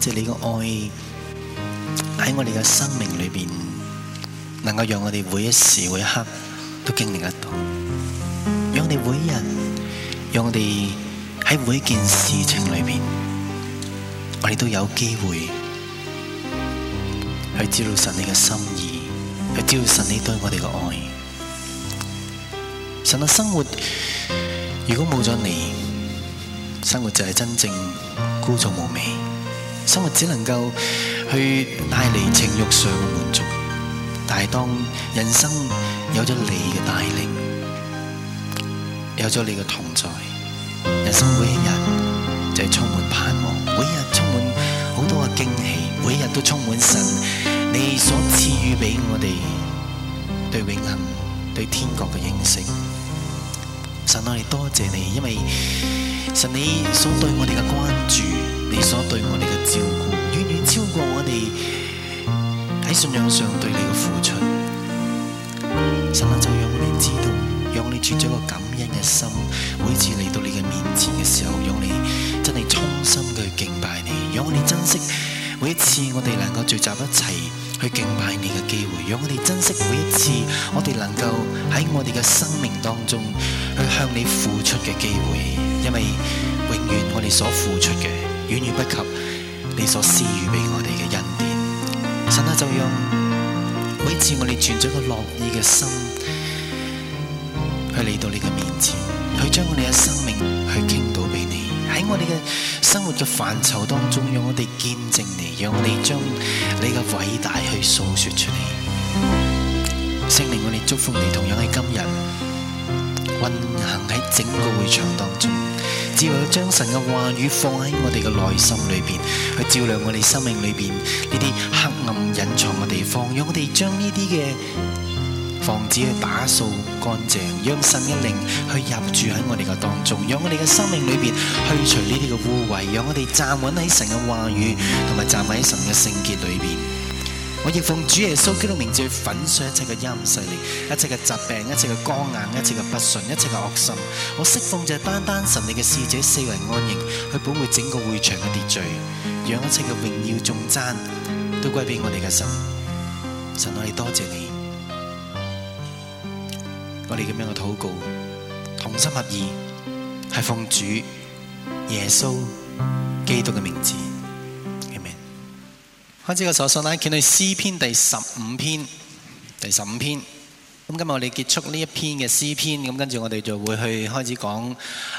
即、就是、你嘅愛喺我哋嘅生命裏邊，能夠讓我哋每一時每一刻都經歷得到，讓我哋每一日，讓我哋喺每一件事情裏邊，我哋都有機會去知道神你嘅心意，去知道神你對我哋嘅愛。神嘅生活如果冇咗你，生活就係真正枯燥無味。生活只能夠去帶嚟情欲上嘅滿足，但係當人生有咗你嘅帶領，有咗你嘅同在，人生每一日就係充滿盼望，每一日充滿好多嘅驚喜，每一日都充滿神你所賜予俾我哋對永恆、對天國嘅認識。神，我哋多謝你，因為。神，你所對我哋嘅關注，你所對我哋嘅照顧，遠遠超過我哋喺信仰上對你嘅付出。神就讓我哋知道，讓你存住個感恩嘅心，每次嚟到你嘅面前嘅時候，讓你真係衷心去敬拜你。讓我哋珍惜每一次我哋能夠聚集一齊去敬拜你嘅機會。讓我哋珍惜每一次我哋能夠喺我哋嘅生命當中去向你付出嘅機會。因為永遠我哋所付出嘅，遠遠不及你所施予俾我哋嘅恩典，神啊，就用每次我哋存咗個樂意嘅心去嚟到你嘅面前，去將我哋嘅生命去傾倒俾你，喺我哋嘅生活嘅範疇當中，讓我哋見證你，讓我哋將你嘅偉大去訴說出嚟。聖靈，我哋祝福你，同樣喺今日，運行喺整個會場當中，只能夠將神嘅話語放喺我哋嘅內心裏邊，去照亮我哋生命裏邊呢啲黑暗隱藏嘅地方，讓我哋將呢啲嘅房子去打掃乾淨，讓神一靈去入住喺我哋嘅當中，讓我哋嘅生命裏邊去除呢啲嘅污穢，讓我哋站穩喺神嘅話語同埋站穩喺神嘅聖潔裏邊。我亦奉主耶穌基督名字去粉碎一切嘅陰勢力，一切嘅疾病，一切嘅光硬，一切嘅不順，一切嘅惡心。我釋放就係單單神，你嘅使者四圍安營，去保護整個會場嘅秩序，讓一切嘅榮耀頌讚都歸俾我哋嘅神。神，我哋多謝你。我哋咁樣嘅禱告，同心合意，係奉主耶穌基督嘅名字。今朝嘅所誦啦，見到詩篇第十五篇，第十五篇。咁今日我哋結束呢一篇嘅詩篇，咁跟住我哋就會去開始講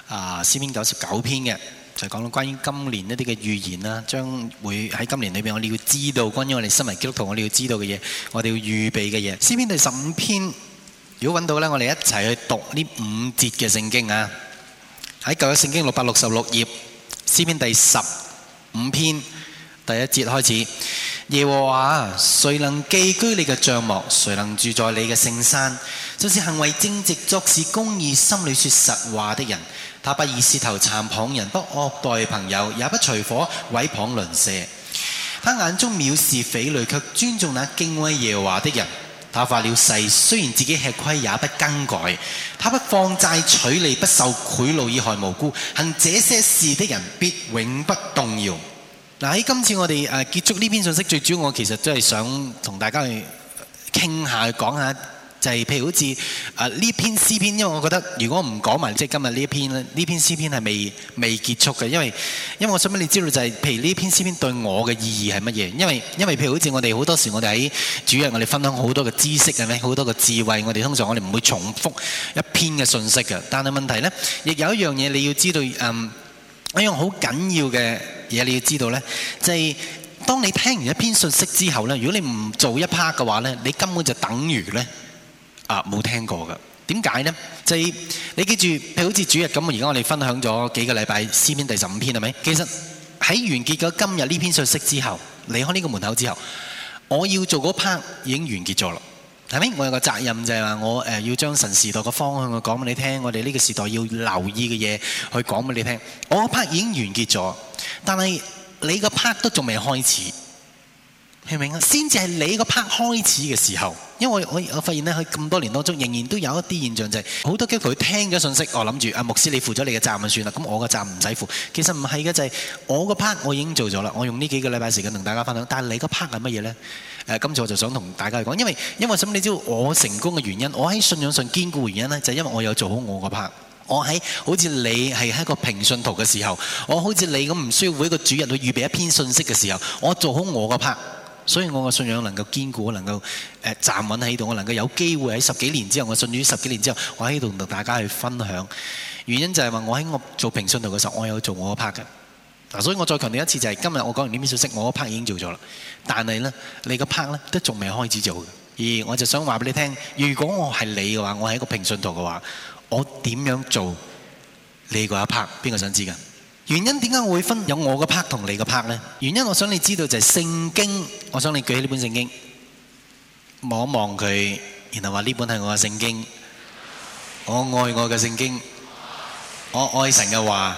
啊詩篇九十九篇嘅，就講到關於今年一啲嘅預言啦，將會喺今年裏邊，我哋要知道關於我哋新約基督徒，我哋要知道嘅嘢，我哋要預備嘅嘢。詩篇第十五篇，如果揾到咧，我哋一齊去讀呢五節嘅聖經啊！喺舊約聖經六百六十六頁，詩篇第十五篇。第一節開始，耶和華，誰能寄居你嘅帳幕，誰能住在你嘅聖山？就是行為正直、作事公義、心裏說實話的人。他不以舌頭讒謗人，不惡待朋友，也不隨夥毀謗鄰舍。他眼中藐視匪類，卻尊重那敬畏耶和華的人。他發了誓，雖然自己吃虧，也不更改。他不放債取利，不受賄賂以害無辜。行這些事的人，必永不動搖。嗱喺今次我哋結束呢篇信息，最主要我其實都係想同大家去傾下、講下，就係譬如好似呢篇詩篇，因為我覺得如果唔講埋，即係今日呢一篇呢篇詩篇係未未結束嘅，因為因為我想俾你知道就係譬如呢篇詩篇對我嘅意義係乜嘢，因為因為譬如好似我哋好多時我哋喺主任我哋分享好多嘅知識係咩？好多嘅智慧，我哋通常我哋唔會重複一篇嘅信息嘅，但係問題呢，亦有一樣嘢你要知道，嗯，一樣好緊要嘅。而家你要知道咧，就係、是、當你聽完一篇信息之後咧，如果你唔做一 part 嘅話咧，你根本就等於咧啊冇聽過噶。點解咧？就係、是、你記住，譬如好似主日咁，而家我哋分享咗幾個禮拜詩篇第十五篇係咪？其實喺完結咗今日呢篇信息之後，離開呢個門口之後，我要做嗰 part 已經完結咗啦。係咪？我有個責任就係、是、話我要將神時代個方向去講俾你聽，我哋呢個時代要留意嘅嘢去講俾你聽。我個 part 已經完結咗，但係你個 part 都仲未開始，明唔明啊？先至係你個 part 開始嘅時候，因為我我，我發現咧喺咁多年當中，仍然都有一啲現象、就是，就係好多基督徒聽咗信息，我諗住牧師你負咗你嘅責任就算啦，咁我個責任唔使負。其實唔係嘅就係、是、我個 part 我已經做咗啦，我用呢幾個禮拜時間同大家分享，但係你個 part 係乜嘢咧？誒，今次我就想同大家去講，因為因為你知道我成功嘅原因，我喺信仰上堅固嘅原因呢，就係因為我有做好我個拍。我喺好似你係喺一個平信徒嘅時候，我好似你咁唔需要每一個主人去預備一篇信息嘅時候，我做好我個拍，所以我個信仰能夠堅固，我能夠、呃、站穩喺度，我能夠有機會喺十幾年之後，我甚至於十幾年之後，我喺度同大家去分享。原因就係話，我喺我做平信徒嘅時候，我有做我個拍嘅。嗱，所以我再強調一次，就係、是、今日我講完呢篇信息，我嗰 part 已經做咗啦。但係咧，你個 part 咧都仲未開始做。而我就想話俾你聽，如果我係你嘅話，我係一個平信徒嘅話，我點樣做你個 part？邊個想知㗎？原因點解我會分有我嘅 part 同你嘅 part 咧？原因我想你知道就係聖經。我想你舉起呢本聖經，望一望佢，然後話呢本係我嘅聖經。我愛我嘅聖經，我愛神嘅話。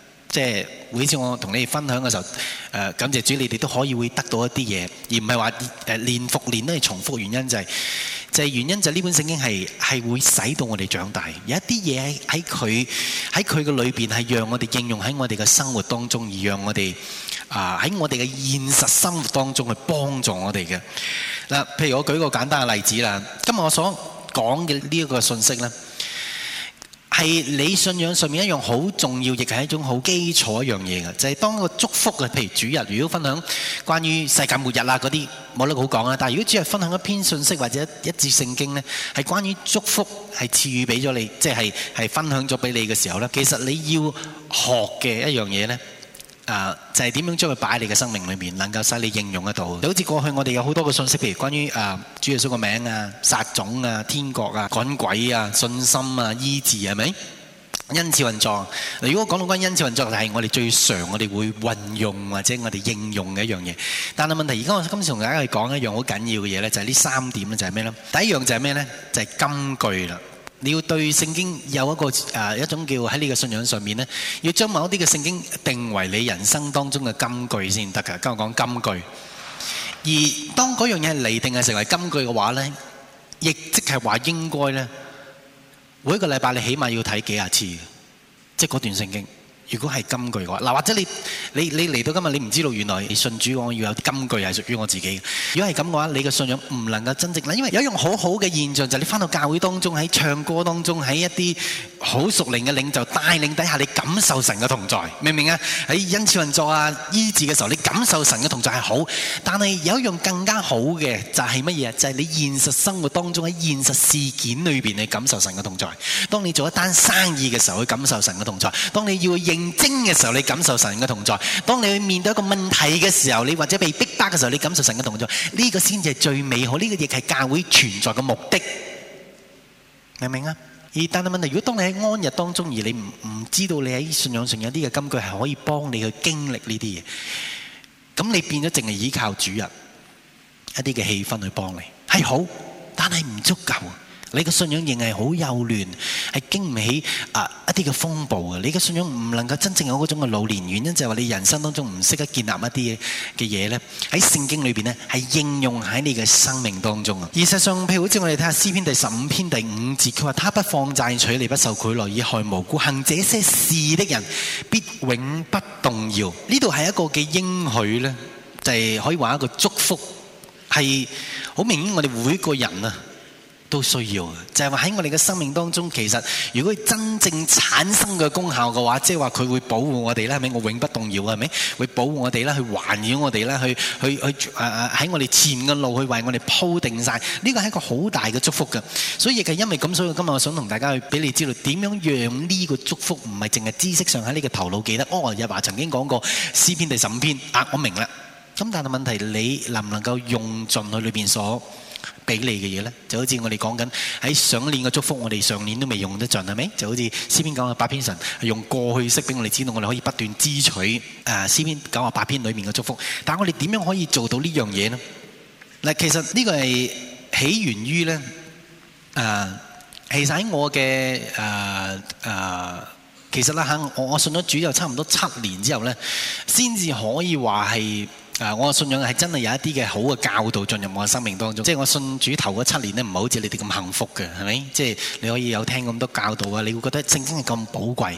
即係，每次我同你哋分享嘅時候，誒、呃，感謝主，你哋都可以會得到一啲嘢，而唔係話誒年復年都係重複。原因就係、是，就係、是、原因就係呢本聖經係係會使到我哋長大，有一啲嘢喺佢喺佢嘅裏邊係讓我哋應用喺我哋嘅生活當中，而讓我哋啊喺我哋嘅現實生活當中去幫助我哋嘅。嗱，譬如我舉個簡單嘅例子啦，今日我所講嘅呢一個信息咧，係你信仰上面一樣好重要，亦係一種好基礎一樣嘢嘅就係、是、當一個祝福嘅，譬如主日，如果分享關於世界末日啦嗰啲，冇得好講啦。但如果只係分享一篇信息或者一節聖經呢，係關於祝福係賜予俾咗你，即、就、係、是、分享咗俾你嘅時候呢，其實你要學嘅一樣嘢呢。誒，就係點樣將佢擺你嘅生命裏面，能夠使你應用得到。就好似過去我哋有好多嘅信息，譬如關於誒主耶穌個名啊、殺種啊、天國啊、趕鬼啊、信心啊、醫治係咪？恩賜運作。如果講到關於恩賜運作，就係我哋最常我哋會運用或者我哋應用嘅一樣嘢。但係問題而家我今次同大家去講一樣好緊要嘅嘢咧，就係呢三點咧，就係咩咧？第一樣就係咩咧？就係根據啦。你要對聖經有一個誒一種叫喺你嘅信仰上面咧，要將某啲嘅聖經定為你人生當中嘅金句先得㗎。跟我講金句，而當嗰樣嘢嚟定係成為金句嘅話咧，亦即係話應該咧，每一個禮拜你起碼要睇幾廿次，即係嗰段聖經。如果係金句嘅話，嗱，或者你你你嚟到今日你唔知道原來你信主，我要有啲金句係屬於我自己嘅。如果係咁嘅話，你嘅信仰唔能夠增值。嗱，因為有一樣好好嘅現象就係、是、你翻到教會當中喺唱歌當中喺一啲好熟靈嘅領袖帶領底下，你感受神嘅同在，明唔明啊？喺恩賜運作啊醫治嘅時候，你感受神嘅同在係好。但係有一樣更加好嘅就係乜嘢，就係、是、你現實生活當中喺現實事件裏邊你感受神嘅同在。當你做一單生意嘅時候，去感受神嘅同在。當你要去應競爭嘅時候，你感受神嘅同在；當你去面對一個問題嘅時候，你或者被逼迫嘅時候，你感受神嘅同在。呢個先至係最美好，呢個亦係教會存在嘅目的。明唔明啊？而但係問題，如果當你喺安逸當中而你唔唔知道你喺信仰上有啲嘅金句係可以幫你去經歷呢啲嘢，咁你變咗淨係依靠主日一啲嘅氣氛去幫你，係好，但係唔足夠。你嘅信仰仍係好幼嫩，係經唔起啊一啲嘅風暴嘅。你嘅信仰唔能夠真正有嗰種嘅老年，原因就係話你人生當中唔識得建立一啲嘅嘢咧。喺聖經裏邊咧，係應用喺你嘅生命當中啊。事實上，譬如好似我哋睇下詩篇第十五篇第五節，佢話：他不放債取利，不受賄賂，以害無辜，行這些事的人，必永不動搖。呢度係一個嘅應許咧，就係可以話一個祝福，係好明顯我哋每一個人啊，都需要嘅，就係話喺我哋嘅生命當中，其實如果真正產生嘅功效嘅話，即係話佢會保護我哋啦，係咪？我永不動搖，係咪？會保護我哋啦，去環繞我哋啦，去去去誒誒，喺、呃、我哋前嘅路去為我哋鋪定晒，呢個係一個好大嘅祝福嘅。所以亦係因為咁，所以今日我想同大家去俾你知道，點樣讓呢個祝福唔係淨係知識上喺你嘅頭腦記得。哦，日華曾經講過詩篇第十五篇、啊，我明啦。咁但係問題，你能唔能夠用盡佢裏邊所？俾你嘅嘢咧，就好似我哋講緊喺上年嘅祝福，我哋上年都未用得盡，係咪？就好似詩篇九十八篇神，用過去式俾我哋知道，我哋可以不斷支取誒詩篇九十八篇裏面嘅祝福。但係我哋點樣可以做到呢樣嘢呢？嗱、呃呃呃，其實呢個係起源於咧誒，其實喺我嘅誒誒，其實啦吓，我我信咗主就差唔多七年之後咧，先至可以話係。我嘅信仰係真係有一啲嘅好嘅教導進入我嘅生命當中，即係我信主頭嗰七年咧，唔係好似你哋咁幸福嘅，係咪？即係你可以有聽咁多教導啊！你會覺得聖經係咁寶貴，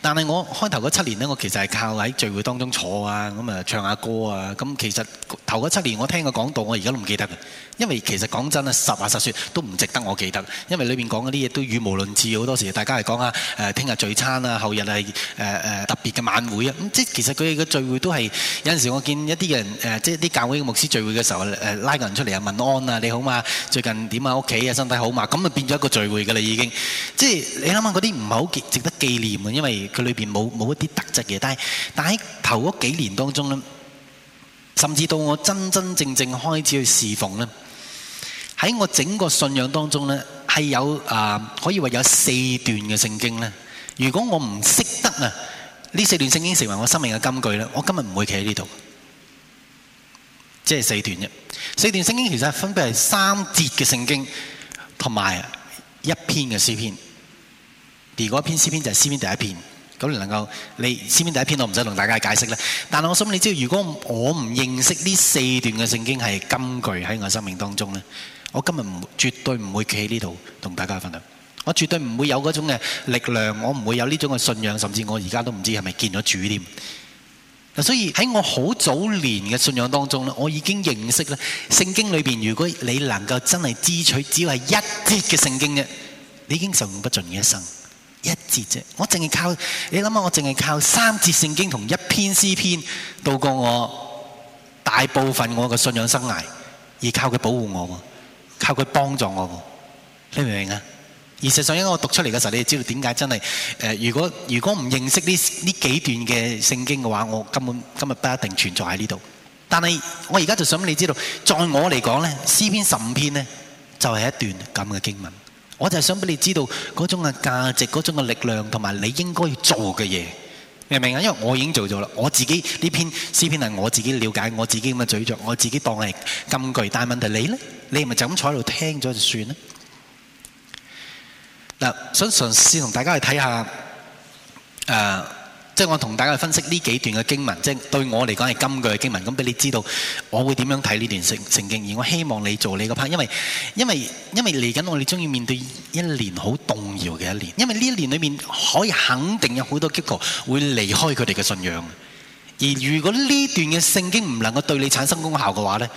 但係我開頭嗰七年咧，我其實係靠喺聚會當中坐啊，咁啊唱下歌啊，咁其實頭嗰七年我聽嘅講道，我而家都唔記得嘅。因為其實講真啊，實話實説都唔值得我記得，因為裏邊講嗰啲嘢都語無倫次，好多時大家係講下，誒聽日聚餐啊，後日係誒誒特別嘅晚會啊，咁即係其實佢哋嘅聚會都係有陣時我見一啲人誒，即係啲教會嘅牧師聚會嘅時候誒拉個人出嚟啊問安啊你好嘛？最近點啊屋企啊身體好嘛？咁啊變咗一個聚會㗎啦已經，即係你諗下嗰啲唔係好記值得紀念嘅，因為佢裏邊冇冇一啲特質嘅，但係但係頭嗰幾年當中咧，甚至到我真真正正開始去侍奉咧。喺我整個信仰當中呢係有啊、呃，可以話有四段嘅聖經呢，如果我唔識得啊，呢四段聖經成為我生命嘅金句呢，我今日唔會企喺呢度。即係四段啫，四段聖經其實分別係三節嘅聖經同埋一篇嘅詩篇。如果一篇詩篇就係詩篇第一篇，咁你能夠你詩篇第一篇我唔使同大家解釋咧。但係我想你知道，如果我唔認識呢四段嘅聖經係金句喺我生命當中呢。我今日唔絕對唔會企喺呢度同大家分享，我絕對唔會有嗰種嘅力量，我唔會有呢種嘅信仰，甚至我而家都唔知係咪是是見咗主添。嗱，所以喺我好早年嘅信仰當中咧，我已經認識咧，聖經裏面，如果你能夠真係支取只係一節嘅聖經，你已經受用不盡嘅一生。一節啫，我淨係靠你諗下，我淨係靠三節聖經同一篇詩篇度過我大部分我嘅信仰生涯，而靠佢保護我靠佢幫助我，你明唔明啊？而事實上，因為我讀出嚟嘅時候，你就知道點解真係誒、呃，如果如果唔認識呢呢幾段嘅聖經嘅話，我根本今日不一定存在喺呢度。但係我而家就想俾你知道，在我嚟講咧，詩篇十五篇咧就係、是、一段咁嘅經文。我就係想俾你知道嗰種嘅價值、嗰種嘅力量同埋你應該要做嘅嘢，明唔明啊？因為我已經做咗啦，我自己呢篇詩篇係我自己了解，我自己咁嘅咀嚼，我自己當係金句。但係問題你咧？你唔係就咁坐喺度聽咗就算咧？嗱，想嘗試同大家去睇下，誒，即係我同大家去分析呢幾段嘅經文，即係對我嚟講係金句嘅經文，咁俾你知道，我會點樣睇呢段聖聖經？而我希望你做你個 part，因為因為因為嚟緊我哋中意面對一年好動搖嘅一年，因為呢一年裏面可以肯定有好多基督徒會離開佢哋嘅信仰。而如果呢段嘅聖經唔能夠對你產生功效嘅話咧？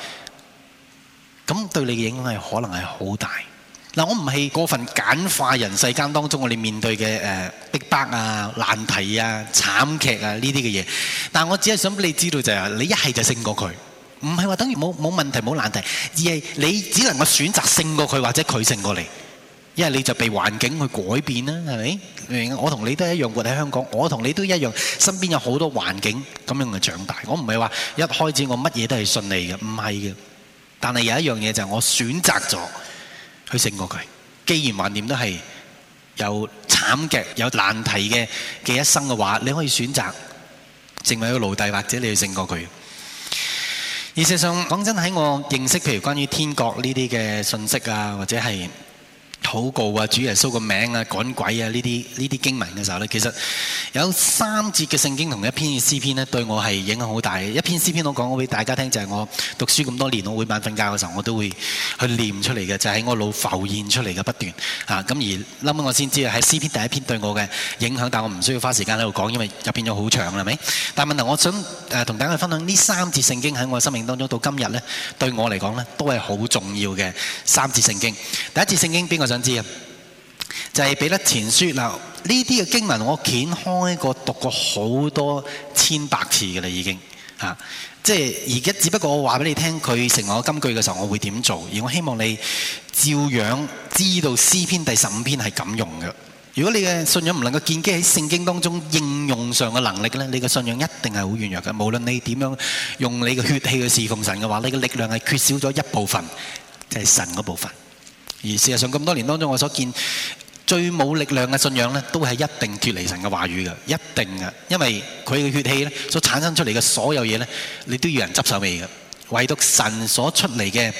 咁對你嘅影響係可能係好大。嗱，我唔係過分簡化人世間當中我哋面對嘅，誒逼迫啊、難題啊、慘劇啊呢啲嘅嘢，但係我只係想俾你知道就係，你一係就勝過佢，唔係話等於冇冇問題冇難題，而係你只能夠選擇勝過佢或者佢勝過你，因為你就被環境去改變啦，係咪？明唔明？我同你都一樣活喺香港，我同你都一樣身邊有好多環境咁樣嘅長大，我唔係話一開始我乜嘢都係順利嘅，唔係嘅。但係有一樣嘢就係、是、我選擇咗去勝過佢。既然橫掂都係有慘劇、有難題嘅嘅一生嘅話，你可以選擇成為一個奴隸，或者你去勝過佢。而事實上，講真喺我認識，譬如關於天國呢啲嘅信息啊，或者係，禱告啊，主耶穌個名啊，趕鬼啊，呢啲呢啲經文嘅時候呢，其實有三節嘅聖經同一篇嘅詩篇呢，對我係影響好大嘅。一篇詩篇我講，我俾大家聽，就係、是、我讀書咁多年，我每晚瞓覺嘅時候，我都會去念出嚟嘅，就喺、是、我腦浮現出嚟嘅，不斷吓咁、啊。而嗰 m 我先知啊，係詩篇第一篇對我嘅影響。但我唔需要花時間喺度講，因為入變咗好長啦，係咪？但係問題，我想同、呃、大家分享呢三節聖經喺我生命當中到今日呢，對我嚟講呢，都係好重要嘅三節聖經。第一節聖經邊個？想？知啊，就係、是、彼得前書嗱，呢啲嘅經文，我掀開過讀過好多千百次噶啦，已經吓，即係而家只不過我話俾你聽，佢成為我金句嘅時候，我會點做，而我希望你照樣知道詩篇第十五篇係咁用嘅。如果你嘅信仰唔能夠建基喺聖經當中應用上嘅能力咧，你嘅信仰一定係好軟弱嘅。無論你點樣用你嘅血氣去侍奉神嘅話，你嘅力量係缺少咗一部分，就係、是、神嗰部分。而事實上，咁多年當中，我所見最冇力量嘅信仰咧，都係一定脫離神嘅話語嘅，一定嘅，因為佢嘅血氣咧所產生出嚟嘅所有嘢咧，你都要人執手尾嘅，唯獨神所出嚟嘅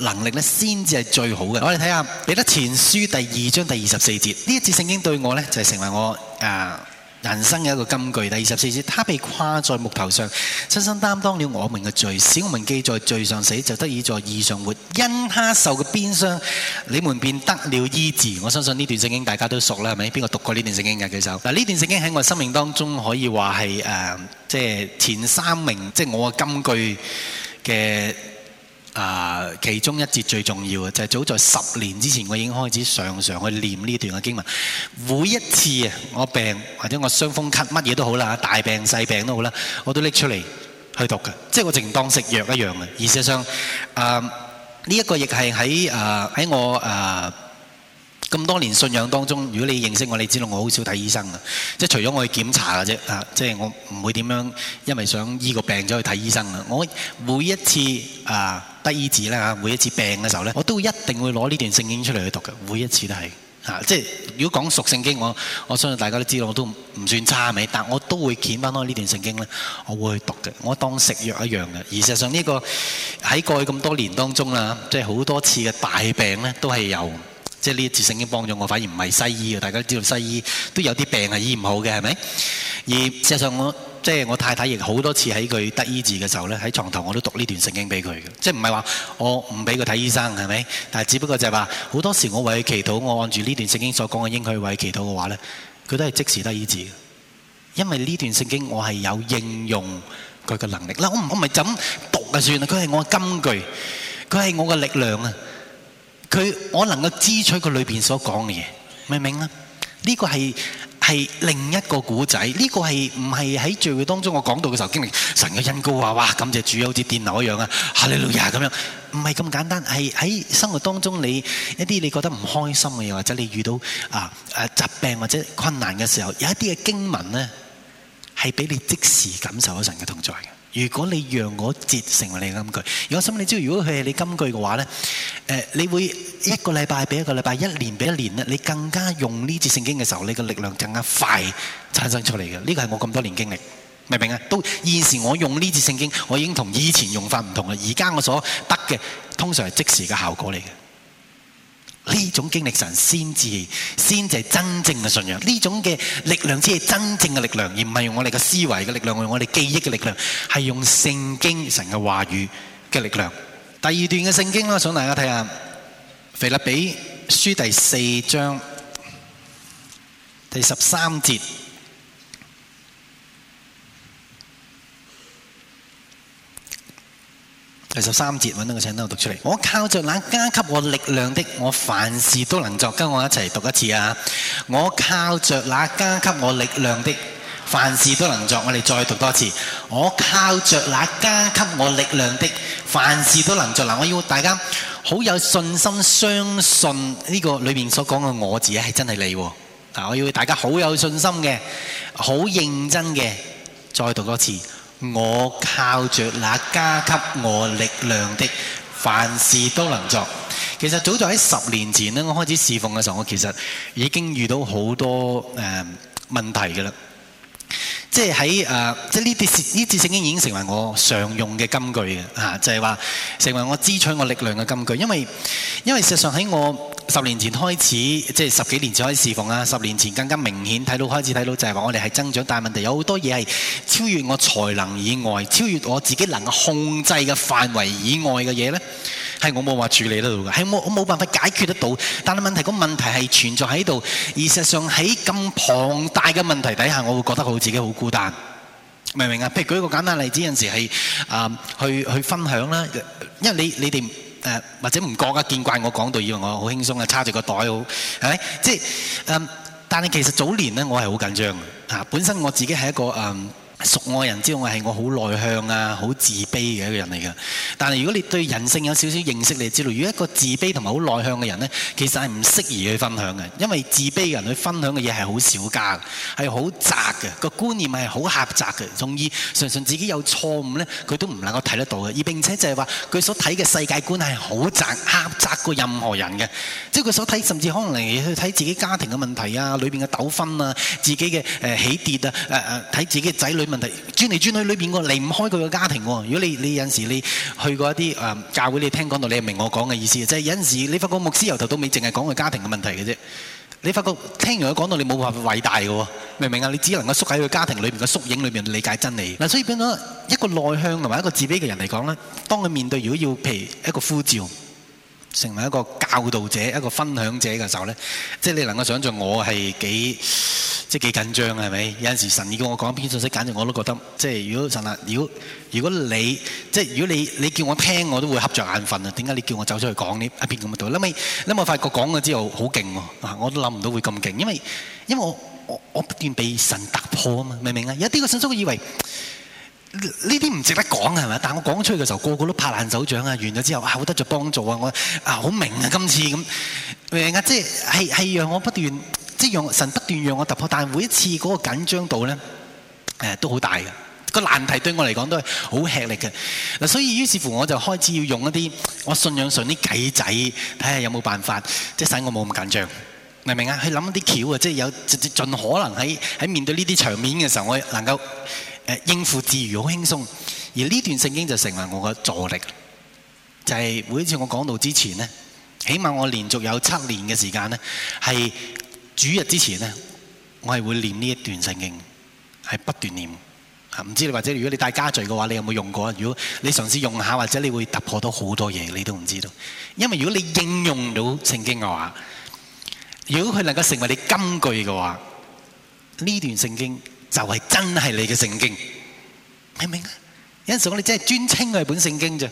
能力咧，先至係最好嘅。我哋睇下《彼得前書》第二章第二十四節，呢一節聖經對我咧就係、是、成為我、啊人生嘅一個金句，第二十四節，他被掛在木頭上，親身擔當了我們嘅罪，使我們既在罪上死，就得以在義上活。因他受嘅鞭傷，你們便得了醫治。我相信呢段聖經大家都熟啦，係咪？邊個讀過呢段聖經嘅？舉手。嗱，呢段聖經喺我生命當中可以話係誒，即係前三名，即係我嘅金句嘅。啊、uh,，其中一節最重要嘅就係、是、早在十年之前，我已經開始常常去念呢段嘅經文。每一次啊，我病或者我傷風咳，乜嘢都好啦，大病細病都好啦，我都拎出嚟去讀嘅，即係我淨當食藥一樣嘅。而事實上啊，呢、uh, 一個亦係喺啊喺我啊咁、uh, 多年信仰當中，如果你認識我，你知道我好少睇醫生嘅，即係除咗我去檢查嘅啫啊，uh, 即係我唔會點樣因為想醫個病走去睇醫生嘅。我每一次啊～、uh, 得醫治啦嚇！每一次病嘅時候咧，我都一定會攞呢段聖經出嚟去讀嘅。每一次都係嚇，即係如果講熟聖經，我我相信大家都知道，我都唔算差咪。但我都會攰翻開呢段聖經咧，我會去讀嘅。我當食藥一樣嘅。而事實上呢、這個喺過去咁多年當中啦，即係好多次嘅大病咧，都係由即係呢一次聖經幫咗我。反而唔係西醫呀，大家都知道西醫都有啲病係醫唔好嘅，係咪？而事實上我。即係我太太亦好多次喺佢得醫治嘅時候咧，喺床頭我都讀呢段聖經俾佢嘅。即係唔係話我唔俾佢睇醫生係咪？但係只不過就係話好多時我為佢祈禱，我按住呢段聖經所講嘅應許為佢祈禱嘅話咧，佢都係即時得醫治嘅。因為呢段聖經我係有應用佢嘅能力。嗱，我唔我唔係就咁讀就算啦。佢係我嘅根據，佢係我嘅力量啊！佢我能夠支取佢裏邊所講嘅嘢，明唔明啊？呢個係。係另一個故仔。呢、這個係唔係喺聚會當中我講到嘅時候經歷神嘅恩膏啊！哇，感謝主啊，好似電腦一樣啊！哈利路亞咁樣，唔係咁簡單，係喺生活當中你一啲你覺得唔開心嘅嘢，或者你遇到啊誒、啊、疾病或者困難嘅時候，有一啲嘅經文咧係俾你即時感受到神嘅同在嘅。如果你讓我節成為你嘅金句，如果心你知道，如果佢係你金句嘅話咧、呃，你會一個禮拜比一個禮拜，一年比一年咧，你更加用呢節聖經嘅時候，你嘅力量更加快產生出嚟嘅。呢個係我咁多年經歷，明唔明啊？到現時我用呢節聖經，我已經同以前用法唔同啦。而家我所得嘅，通常係即時嘅效果嚟嘅。呢種經歷神先至，先係真正嘅信仰。呢種嘅力量先係真正嘅力量，而唔係用我哋嘅思維嘅力量，用我哋記憶嘅力量，係用聖經神嘅話語嘅力量。第二段嘅聖經我想大家睇下《菲律比》書第四章第十三節。第十三節揾到個請單，我讀出嚟我靠着那加給我力量的，我凡事都能作。跟我一齊讀一次啊！我靠着那加給我力量的，凡事都能作。我哋再讀多次。我靠着那加給我力量的，凡事都能作。嗱、這個啊，我要大家好有信心，相信呢個裏面所講嘅「我自己」係真係你。嗱，我要大家好有信心嘅，好認真嘅，再讀多一次。我靠着那加給我力量的，凡事都能做。其實早在喺十年前呢，我開始侍奉嘅時候，我其實已經遇到好多誒、嗯、問題嘅啦。即係喺誒，即係呢啲呢節聖經已經成為我常用嘅金句嘅嚇，就係話成為我支取我力量嘅金句。因為因為事實上喺我十年前開始，即係十幾年前開始侍奉啊，十年前更加明顯睇到開始睇到就係話我哋係增長，但係問題有好多嘢係超越我才能以外，超越我自己能夠控制嘅範圍以外嘅嘢咧，係我冇話處理得到嘅，係我冇冇辦法解決得到。但係問題個問題係存在喺度，而事實上喺咁龐大嘅問題底下，我會覺得我自己好。孤單，明唔明啊？譬如舉一個簡單例子，有陣時係啊，去去分享啦，因為你你哋誒或者唔覺得，見慣我講道，以為我好輕鬆啊，插住個袋好，係咪？即係嗯，但係其實早年咧，我係好緊張嘅吓，本身我自己係一個嗯。熟愛人知道我係我好內向啊，好自卑嘅一個人嚟嘅。但係如果你對人性有少少認識，你就知道，如果一個自卑同埋好內向嘅人呢，其實係唔適宜去分享嘅，因為自卑嘅人去分享嘅嘢係好小家，係好窄嘅，個觀念係好狹窄嘅，從而常常自己有錯誤呢，佢都唔能夠睇得到嘅。而並且就係話，佢所睇嘅世界觀係好窄狹窄過任何人嘅，即係佢所睇，甚至可能嚟去睇自己家庭嘅問題啊，裏面嘅糾紛啊，自己嘅起跌啊，睇、啊、自己嘅仔女。問題轉嚟轉去裏邊個，離唔開佢個家庭。如果你你有陣時你去過一啲誒、呃、教會，你聽講到你明我講嘅意思，即係有陣時你發覺牧師由頭到尾淨係講佢家庭嘅問題嘅啫。你發覺聽完佢講到你冇辦法偉大嘅，明唔明啊？你只能夠縮喺佢家庭裏邊嘅縮影裏面理解真理。嗱，所以變咗一個內向同埋一個自卑嘅人嚟講咧，當佢面對如果要譬如一個呼召，成為一個教導者、一個分享者嘅時候咧，即係你能夠想象我係幾？即係幾緊張係咪？有陣時神叫我講邊啲信息，簡直我都覺得即係。如果神啊，如果如果你即係如果你你叫我聽，我都會瞌着眼瞓啊！點解你叫我走出去講呢一篇咁嘅道理？諗咪諗咪發覺講咗之後好勁喎！我都諗唔到會咁勁，因為因為我我，我不斷俾神突破啊嘛，明唔明啊？有啲個信息佢以為呢啲唔值得講係咪？但我講出去嘅時候，個個都拍爛手掌啊！完咗之後，好、啊、得着幫助啊！我啊好明啊！今次咁明啊！即係係讓我不斷。即係讓神不斷讓我突破，但係每一次嗰個緊張度咧，誒、呃、都好大嘅，個難題對我嚟講都係好吃力嘅嗱。所以於是乎我就開始要用一啲我信仰上啲計仔，睇下有冇辦法，即係使我冇咁緊張，明唔明啊？去諗一啲橋啊，即係有盡可能喺喺面對呢啲場面嘅時候，我能夠、呃、應付自如，好輕鬆。而呢段聖經就成為我個助力，就係、是、每一次我講道之前呢，起碼我連續有七年嘅時間呢，係。主日之前咧，我係會念呢一段聖經，係不斷念吓。唔知你或者如果你帶家聚嘅話，你有冇用過？如果你嘗試用下，或者你會突破到好多嘢，你都唔知道。因為如果你應用到聖經嘅話，如果佢能夠成為你金句嘅話，呢段聖經就係真係你嘅聖經，明唔明啊？有陣時我哋真係尊稱佢係本聖經啫。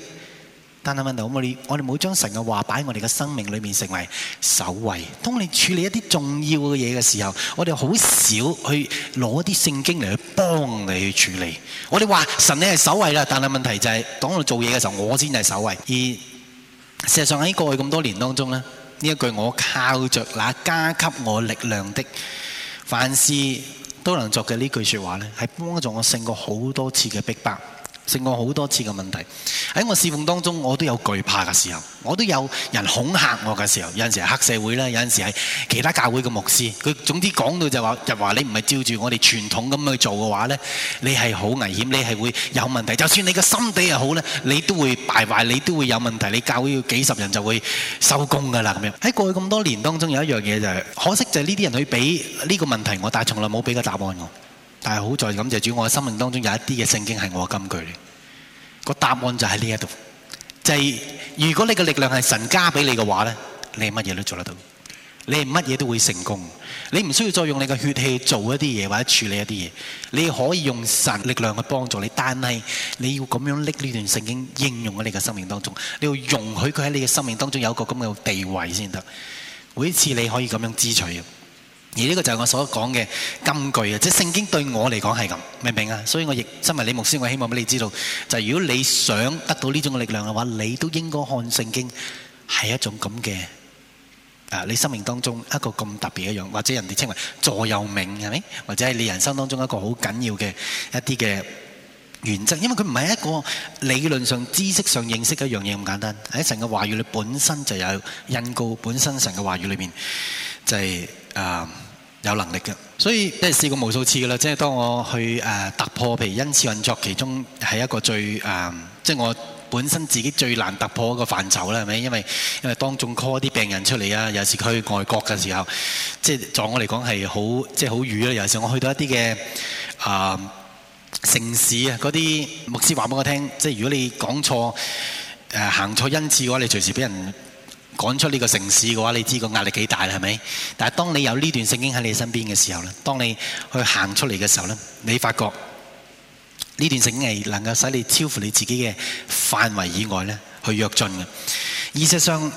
但係問題，我哋我哋冇將神嘅話擺喺我哋嘅生命裏面，成為首位。當你處理一啲重要嘅嘢嘅時候，我哋好少去攞啲聖經嚟，去幫你去處理。我哋話神你係首位啦，但係問題就係當我做嘢嘅時候，我先係首位。而事實上喺過去咁多年當中呢，呢一句我靠着那加給我力量的，凡事都能作嘅呢句說話呢，係幫助我勝過好多次嘅逼迫。我好多次嘅問題，喺我侍奉當中，我都有懼怕嘅時候，我都有人恐嚇我嘅時候，有陣時係黑社會啦，有陣時係其他教會嘅牧師，佢總之講到就話，就話你唔係照住我哋傳統咁去做嘅話呢，你係好危險，你係會有問題。就算你嘅心地又好呢，你都會敗壞，你都會有問題。你教會要幾十人就會收工噶啦咁樣。喺過去咁多年當中，有一樣嘢就係、是、可惜就係呢啲人去俾呢個問題我，但係從來冇俾個答案我。但係好在感謝主，我嘅生命當中有一啲嘅聖經係我嘅根據咧。個答案就喺呢一度，就係、係、如果你嘅力量係神加俾你嘅話咧，你係乜嘢都做得到，你係乜嘢都會成功。你唔需要再用你嘅血氣做一啲嘢或者處理一啲嘢，你可以用神力量去幫助你。但係你要咁樣拎呢段聖經應用喺你嘅生命當中，你要容許佢喺你嘅生命當中有一個咁嘅地位先得。每次你可以咁樣支取。而呢個就係我所講嘅金句啊！即係聖經對我嚟講係咁，明唔明啊？所以我亦身為李牧師，我希望俾你知道，就係如果你想得到呢種力量嘅話，你都應該看聖經係一種咁嘅啊！你生命當中一個咁特別嘅樣，或者人哋稱為座右銘，係咪？或者係你人生當中一個好緊要嘅一啲嘅原則，因為佢唔係一個理論上、知識上認識嘅一樣嘢咁簡單。喺神嘅話語裏，本身就有印告，本身神嘅話語裏邊就係啊～有能力嘅，所以即係試過無數次嘅啦。即係當我去誒、呃、突破，譬如恩賜運作，其中係一個最誒、呃，即係我本身自己最難突破嘅一個範疇啦，係咪？因為因為當眾 call 啲病人出嚟啊，尤其係去外國嘅時候，即係在我嚟講係好即係好遠啦。尤其係我去到一啲嘅誒城市啊，嗰啲牧師話俾我聽，即係如果你講錯誒、呃、行錯恩賜嘅話，你隨時俾人。趕出呢個城市嘅話，你知個壓力幾大係咪？但係當你有呢段聖經喺你身邊嘅時候，當你去行出嚟嘅時候，你發覺呢段聖經係能夠使你超乎你自己嘅範圍以外去躍進嘅。事實上，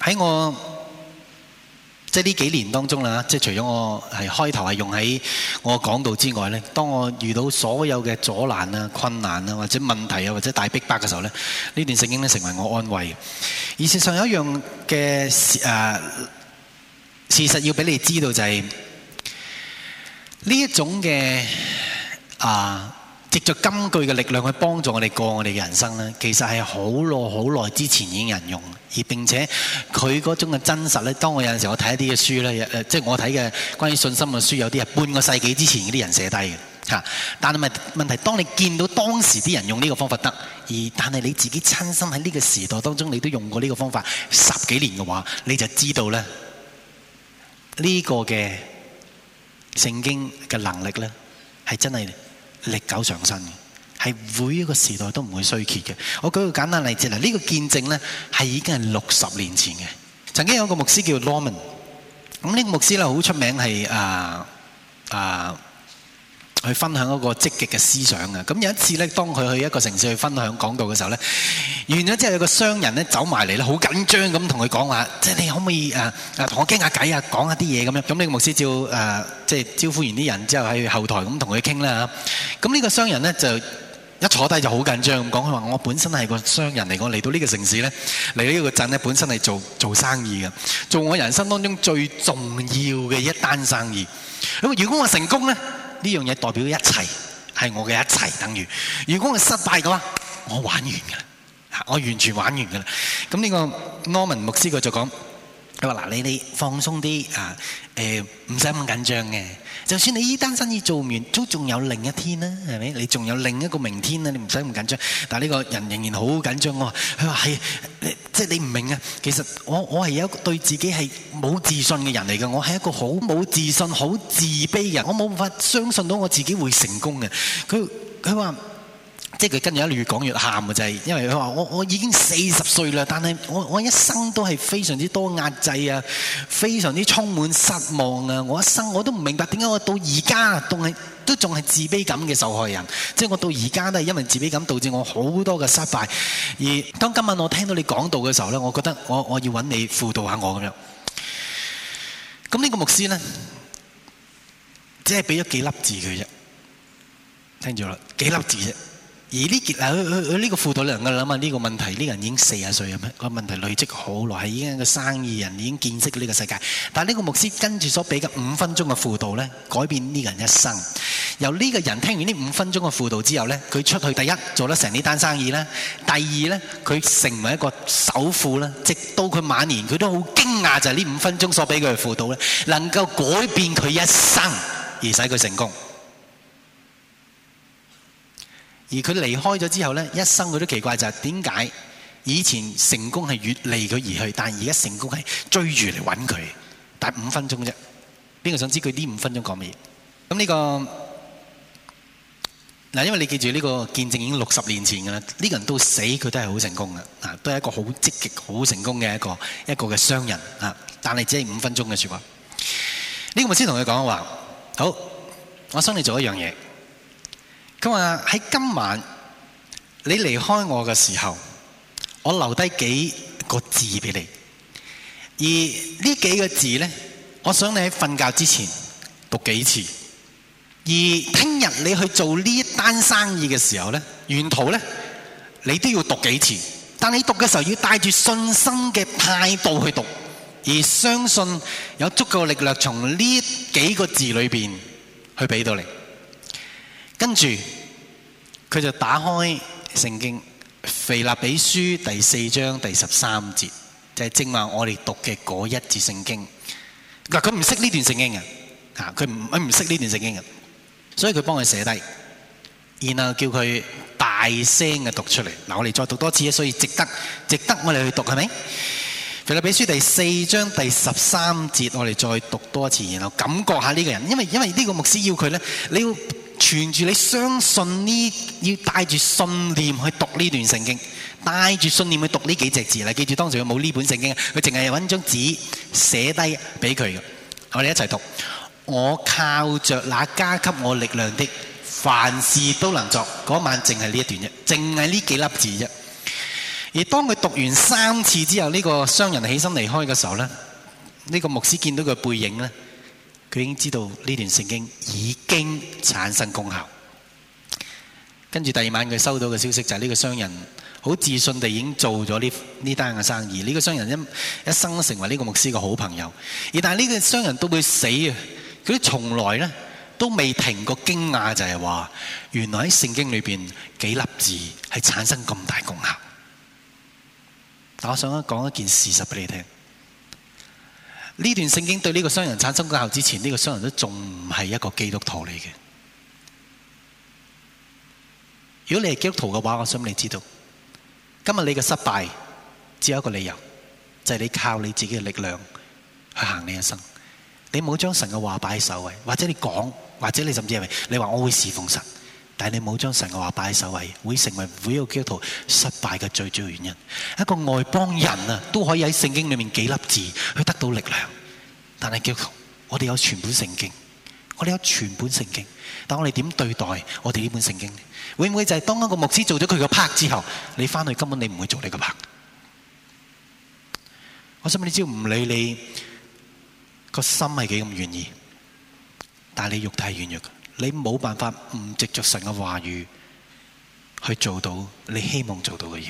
喺、呃、我。即係呢幾年當中啦，即係除咗我係開頭係用喺我講道之外咧，當我遇到所有嘅阻難啊、困難啊，或者問題啊，或者大逼迫嘅時候咧，呢段聖經咧成為我安慰。而事實上有一樣嘅誒、啊、事實要俾你知道就係呢一種嘅啊。藉着金句嘅力量去幫助我哋過我哋嘅人生咧，其實係好耐好耐之前已經人用嘅，而並且佢嗰種嘅真實咧。當我有陣時候我睇一啲嘅書咧，即係我睇嘅關於信心嘅書，有啲係半個世紀之前嗰啲人寫低嘅嚇。但係問問題，當你見到當時啲人用呢個方法得，而但係你自己親身喺呢個時代當中，你都用過呢個方法十幾年嘅話，你就知道咧呢、呢個嘅聖經嘅能力咧係真係。歷久常新嘅，係每一個時代都唔會衰竭嘅。我舉個簡單例子啦，呢、呢個見證咧係已經係六十年前嘅。曾經有一個牧師叫 o r 羅文，咁呢個牧師咧好出名係啊啊。啊去分享一個積極嘅思想啊！咁有一次咧，當佢去一個城市去分享講道嘅時候咧，完咗之後，有個商人咧走埋嚟咧，好緊張咁同佢講話，即係你可唔可以誒誒同我傾下偈啊，講下啲嘢咁樣。咁呢個牧師就誒、呃、即係招呼完啲人之後，喺後台咁同佢傾啦嚇。咁呢個商人咧就一坐低就好緊張咁講佢話：他說我本身係個商人嚟，我嚟到呢個城市咧，嚟到呢個鎮咧，本身係做做生意嘅，做我人生當中最重要嘅一單生意。咁如果我成功咧？呢樣嘢代表一切，係我嘅一切。等於如果我失敗嘅話，我玩完嘅啦，我完全玩完嘅啦。咁呢個 Norman 牧師就講：佢話嗱，你你放鬆啲啊，誒唔使咁緊張嘅。就算你依單生意做唔完，都仲有另一天啦，係咪？你仲有另一個明天啦，你唔使咁緊張。但這呢個人仍然好緊張。我話：佢話係，即係你唔、就是、明啊。其實我我係一個對自己係冇自信嘅人嚟嘅，我係一個好冇自信、好自卑嘅人，我冇辦法相信到我自己會成功嘅。佢佢話。即係佢跟住一路越講越喊嘅就係、是，因為佢話我我已經四十歲啦，但係我我一生都係非常之多壓制啊，非常之充滿失望啊，我一生我都唔明白點解我到而家都係都仲係自卑感嘅受害人，即、就、係、是、我到而家都係因為自卑感導致我好多嘅失敗。而當今晚我聽到你講道嘅時候咧，我覺得我我要揾你輔導下我咁樣。咁呢個牧師咧，即係俾咗幾粒字佢啫，聽住啦，幾粒字啫。而呢結嗱佢佢佢呢個輔導能夠諗下？呢個問題呢、這個人已經四十歲啊咩？呢個問題累積好耐，係已經個生意人已經見識咗呢個世界。但係呢個牧師跟住所俾嘅五分鐘嘅輔導呢，改變呢個人一生。由呢個人聽完呢五分鐘嘅輔導之後呢，佢出去第一做得成呢單生意啦，第二呢，佢成為一個首富啦，直到佢晚年佢都好驚訝，就係、是、呢五分鐘所俾佢嘅輔導呢，能夠改變佢一生而使佢成功。而佢離開咗之後咧，一生佢都奇怪就係點解以前成功係越離佢而去，但而家成功係追住嚟揾佢。但係五分鐘啫，邊個想知佢呢五分鐘講乜嘢？咁呢個嗱，因為你記住呢個見證已經六十年前噶啦，呢個人都死，佢都係好成功噶，啊，都係一個好積極、好成功嘅一個一個嘅商人啊。但係只係五分鐘嘅說話。呢個牧師同佢講話：好，我想你做一樣嘢。咁啊，喺今晚你離開我嘅時候，我留低幾個字俾你。而呢幾個字呢，我想你喺瞓覺之前讀幾次。而聽日你去做呢一單生意嘅時候呢，沿途呢，你都要讀幾次。但你讀嘅時候要帶住信心嘅態度去讀，而相信有足夠嘅力量從呢幾個字裏邊去俾到你。跟住佢就打開聖經，腓立比書第四章第十三節，就係正話我哋讀嘅嗰一節聖經。嗱，佢唔識呢段聖經啊，吓，佢唔佢唔識呢段聖經啊，所以佢幫佢寫低，然後叫佢大聲嘅讀出嚟。嗱，我哋再讀多次，所以值得值得我哋去讀係咪？腓立比書第四章第十三節，我哋再讀多次，然後感覺下呢個人，因為因為呢個牧師要佢咧，你要。存住你相信呢，要帶住信念去讀呢段聖經，帶住信念去讀呢幾隻字啦。記住當時佢冇呢本聖經，佢淨係揾張紙寫低俾佢嘅。我哋一齊讀：我靠着那加給我力量的，凡事都能作。嗰晚淨係呢一段啫，淨係呢幾粒字啫。而當佢讀完三次之後，呢個商人起身離開嘅時候咧，呢個牧師見到佢背影咧。佢已經知道呢段聖經已經產生功效，跟住第二晚佢收到嘅消息就係呢個商人好自信地已經做咗呢單嘅生意。呢個商人一一生都成為呢個牧師嘅好朋友。而但係呢個商人都會死啊！佢從來呢都未停過驚訝，就係話原來喺聖經裏邊幾粒字係產生咁大功效。但我想講一件事實俾你聽。呢段聖經對呢個商人產生功效之前，呢、呢個商人都仲唔係一個基督徒嚟嘅。如果你係基督徒嘅話，我想你知道，今日你嘅失敗只有一個理由，就係你靠你自己嘅力量去行你一生，你冇將神嘅話擺喺首位，或者你講，或者你甚至係你話我會侍奉神。但係你冇將神嘅話擺喺首位，會成為每一個基督徒失敗嘅最主要原因。一個外邦人啊，都可以喺聖經裏面幾粒字去得到力量。但係基督徒，我哋有全本聖經，我哋有全本聖經，但我哋點對待我哋呢本聖經呢？會唔會就係當一個牧師做咗佢嘅 part 之後，你翻去根本你唔會做你個 part？我想問你，只要唔理你個心係幾咁願意，但係你肉體係軟弱。你冇辦法唔藉著神嘅話語去做到你希望做到嘅嘢，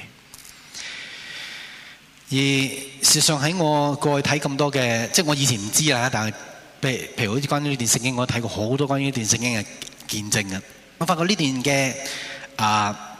而事實上喺我過去睇咁多嘅，即係我以前唔知，但係譬如譬如，好似關於呢段聖經，我睇過好多關於呢段聖經嘅見證，我發覺呢段嘅啊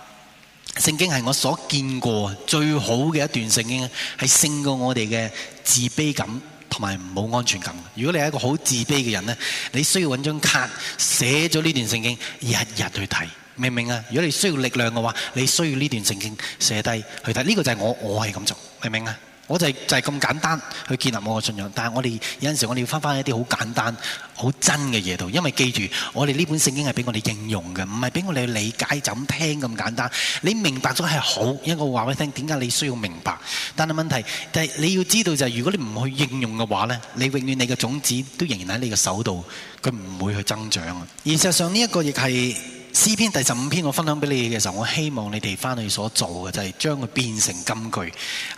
聖經係我所見過最好嘅一段聖經，係勝過我哋嘅自卑感。同埋冇安全感。如果你係一個好自卑嘅人咧，你需要揾張卡寫咗呢段聖經，日日去睇，明唔明啊？如果你需要力量嘅話，你需要呢段聖經寫低去睇。呢個就係我，我係咁做，明唔明啊？我就係就係咁簡單去建立我嘅信仰，但係我哋有陣時我哋要翻翻一啲好簡單好真嘅嘢度，因為記住我哋呢本聖經係俾我哋應用嘅，唔係俾我哋去理解就咁聽咁簡單，你明白咗係好，因為我話俾你聽點解你需要明白？但係問題就係，但係你要知道就係、是、如果你唔去應用嘅話咧，你永遠你嘅種子都仍然喺你嘅手度，佢唔會去增長，啊。實際上呢一個亦係。詩篇第十五篇，我分享俾你嘅時候，我希望你哋翻去所做嘅就係將佢變成金句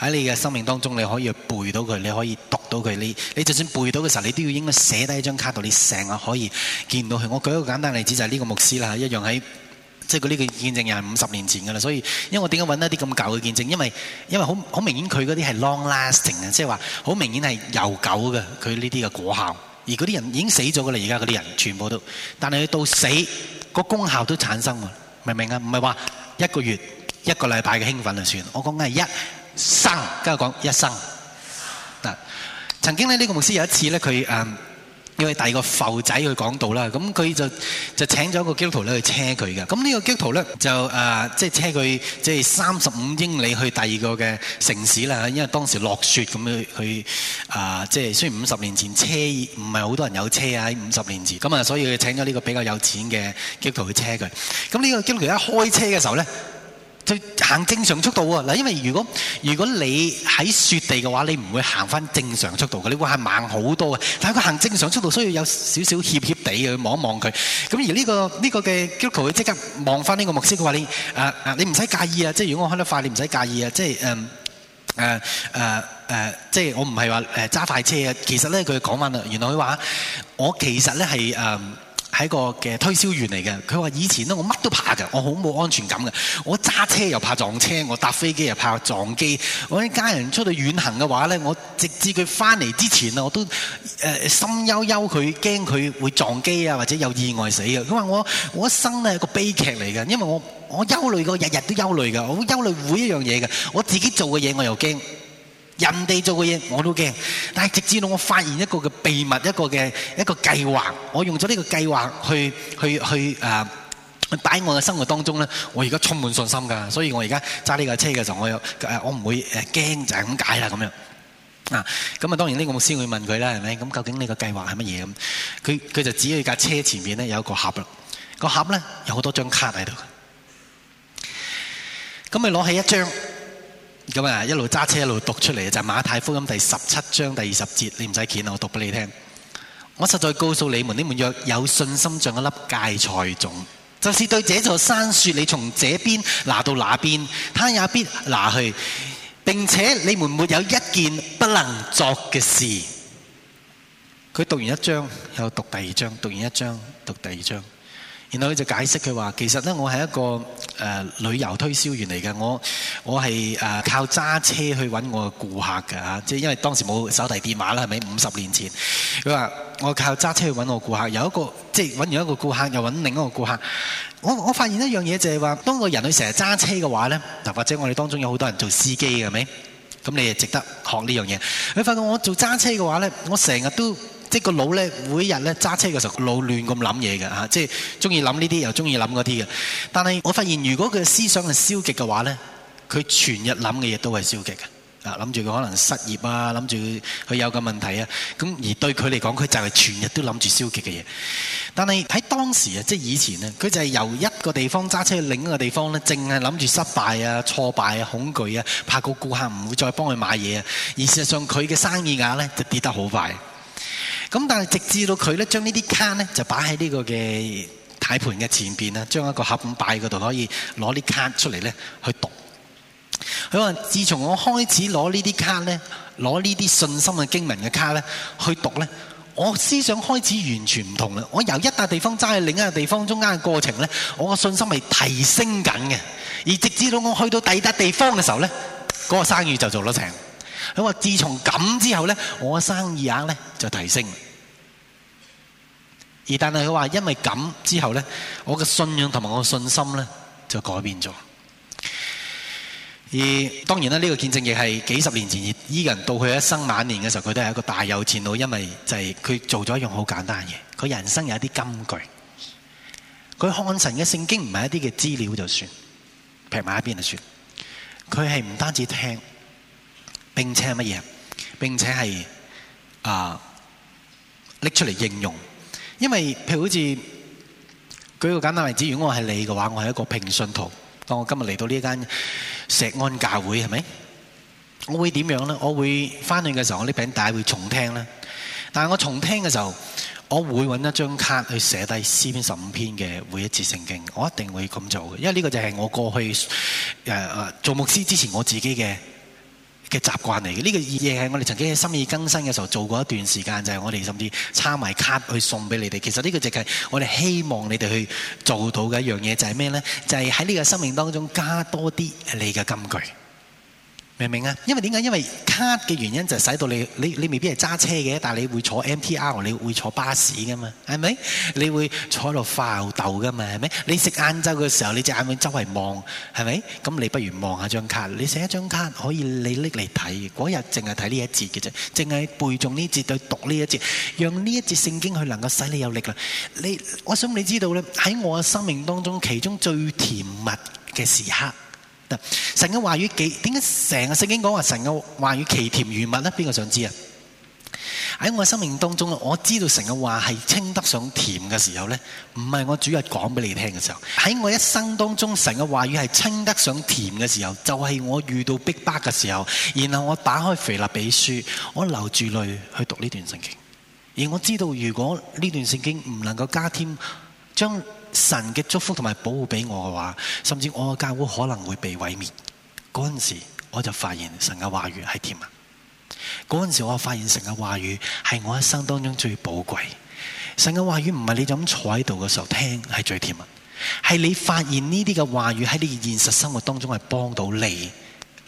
喺你嘅生命當中，你可以背到佢，你可以讀到佢。你你就算背到嘅時候，你都要應該寫低喺張卡度，你成日可以見到佢。我舉一個簡單例子，就係呢個牧師啦，一樣喺即係佢呢個見證人係五十年前嘅啦。所以因為我點解揾一啲咁舊嘅見證？因為因為好好明顯佢嗰啲係 long lasting 嘅，即係話好明顯係悠久嘅。佢呢啲嘅果效，而嗰啲人已經死咗嘅啦。而家嗰啲人全部都，但係到死。那個功效都產生喎，明唔明啊？唔係話一個月一個禮拜嘅興奮就算了。我講嘅係一生，跟住講一生。嗱，曾經咧呢個牧師有一次呢，佢、嗯因為第二個埠仔佢講到啦，咁佢就就請咗個基督徒咧去車佢嘅，咁呢個基督徒咧就誒即係車佢即係三十五英里去第二個嘅城市啦，因為當時落雪咁樣去啊，即係、呃就是、雖然五十年前車唔係好多人有車啊，喺五十年前咁啊，所以佢請咗呢個比較有錢嘅基督徒去車佢，咁呢個基督徒一開車嘅時候咧，就行正常速度喎嗱，因為如果如果你喺雪地嘅話，你唔會行翻正常速度嘅，你會係慢好多嘅。但係佢行正常速度，需要有少少怯怯地去望一望佢。咁而呢個呢個嘅 Goku 會即刻望翻呢個牧師，佢話你啊啊，你唔使介意啊，即係如果我開得快，你唔使介意啊，啊，啊，即係誒誒誒誒，即係我唔係話誒揸快車啊。其實咧，佢講翻啦，原來佢話我其實咧係誒。啊係個推銷員嚟嘅，佢話以前呢，我乜都怕㗎，我好冇安全感㗎。我揸車又怕撞車，我搭飛機又怕撞機，我一家人出去遠行嘅話呢，我直至佢返嚟之前呢，我都誒心憂憂，佢驚佢會撞機呀，或者有意外死嘅，因為我我一生係個悲劇嚟㗎。因為我我憂慮過日日都憂慮㗎。我憂慮每一樣嘢㗎。我自己做嘅嘢我又驚。人哋做嘅嘢我都驚，但係直至到我發現一個嘅秘密，一個嘅一個計劃，我用咗呢個計劃去去去誒，擺喺我嘅生活當中咧，我而家充滿信心噶，所以我而家揸呢架車嘅時候，我有我唔會誒驚就係咁解啦咁樣啊。咁啊，當然呢個牧師會問佢啦，係咪？咁究竟呢個計劃係乜嘢咁？佢佢就指去架車前面咧有一個盒啦，個盒咧有好多張卡喺度，咁咪攞起一張。咁啊，一路揸車一路讀出嚟，就係、是、馬太福音第十七章第二十節。你唔使攰啊，我讀俾你聽。我實在告訴你們，你們若有信心像一粒芥菜種，就是對這座山説：你從這邊拿到那邊，他也必拿去。並且你們沒有一件不能作嘅事。佢讀完一章，又讀第二章，讀完一章，讀第二章。然後佢就解釋佢話：其實咧、呃，我係一個誒旅遊推銷員嚟嘅，我我係誒靠揸車去揾我顧客㗎吓，即、啊、係因為當時冇手提電話啦，係咪？五十年前，佢話我靠揸車去揾我顧客，有一個即係揾完一個顧客，又揾另一個顧客。我我發現一樣嘢就係話，當個人去成日揸車嘅話咧，嗱或者我哋當中有好多人做司機嘅，係咪？咁你誒值得學呢樣嘢。你發覺我做揸車嘅話咧，我成日都。即係個腦咧，每日咧揸車嘅時候，個腦亂咁諗嘢嘅嚇，即係中意諗呢啲，又中意諗嗰啲嘅。但係我發現，如果佢思想係消極嘅話咧，佢全日諗嘅嘢都係消極嘅。啊，諗住佢可能失業啊，諗住佢有個問題啊。咁而對佢嚟講，佢就係全日都諗住消極嘅嘢。但係喺當時啊，即係以前啊，佢就係由一個地方揸車去另一個地方咧，淨係諗住失敗啊、挫敗啊、恐懼啊，怕個顧客唔會再幫佢買嘢啊。而事實上，佢嘅生意額咧就跌得好快。咁但係直至到佢咧，將呢啲卡咧就擺喺呢個嘅軚盤嘅前邊，啦，將一個盒擺嗰度可以攞啲卡出嚟咧去讀。佢話：自從我開始攞呢啲卡咧，攞呢啲信心嘅經文嘅卡咧去讀咧，我思想開始完全唔同啦。我由一笪地方揸去另一個地方，中間嘅過程咧，我嘅信心係提升緊嘅。而直至到我去到第二笪地方嘅時候咧，嗰、那個生意就做得成。佢話自從咁之後咧，我生意額咧就提升。而但係佢話，因為咁之後咧，我嘅信仰同埋我嘅信心咧就改變咗。而當然啦，呢、這個見證亦係幾十年前，依、這個、人到佢一生晚年嘅時候，佢都係一個大有錢佬，因為就係佢做咗一樣好簡單嘅嘢。佢人生有一啲金句，佢看神嘅聖經唔係一啲嘅資料就算，劈埋一邊就算。佢係唔單止聽。並且係乜嘢？並且係啊，拎出嚟應用。因為譬如好似舉個簡單例子，如果我係你嘅話，我係一個平信徒。當我今日嚟到呢間石安教會，係咪？我會點樣咧？我會翻去嘅時候，我呢餅帶會重聽咧。但係我重聽嘅時候，我會揾一張卡去寫低詩篇十五篇嘅每一節聖經。我一定會咁做，因為呢個就係我過去誒、呃、做牧師之前我自己嘅。嘅習慣嚟嘅，呢、這個嘢係我哋曾經喺心意更新嘅時候做過一段時間，就係、是、我哋甚至插埋卡去送俾你哋。其實呢個就係我哋希望你哋去做到嘅一樣嘢，就係、是、咩呢？就係喺呢個生命當中加多啲你嘅金句。明唔明啊？因為點解？因為卡嘅原因就使到你你你未必係揸車嘅，但係你會坐 MTR，你會坐巴士噶嘛？係咪？你會坐喺度發吽斗噶嘛？係咪？你食晏晝嘅時候，你隻眼會周圍望，係咪？咁你不如望下張卡。你寫一張卡，可以你拎嚟睇。嗰日淨係睇呢一節嘅啫，淨係背誦呢節對讀呢一節，讓呢一節聖經佢能夠使你有力啦。你我想你知道咧，喺我嘅生命當中，其中最甜蜜嘅時刻。神嘅話語幾？點解成個聖經講話神嘅話語奇甜如蜜呢？邊個想知啊？喺我生命當中，我知道神嘅話係稱得上甜嘅時候呢，唔係我主日講俾你聽嘅時候。喺我，我一生當中，神嘅話語係稱得上甜嘅時候，就係、是、我遇到逼巴嘅時候，然後我打開腓立比書，我流住淚去讀呢段聖經。而我知道如果呢段聖經唔能夠加添，將。神嘅祝福同埋保護俾我嘅話，甚至我嘅教會可能會被毀滅。嗰陣時候我就發現神嘅話語係甜蜜。嗰陣時候我發現神嘅話語係我一生當中最寶貴。神嘅話語唔係你咁坐喺度嘅時候聽係最甜蜜，係你發現呢啲嘅話語喺你現實生活當中係幫到你。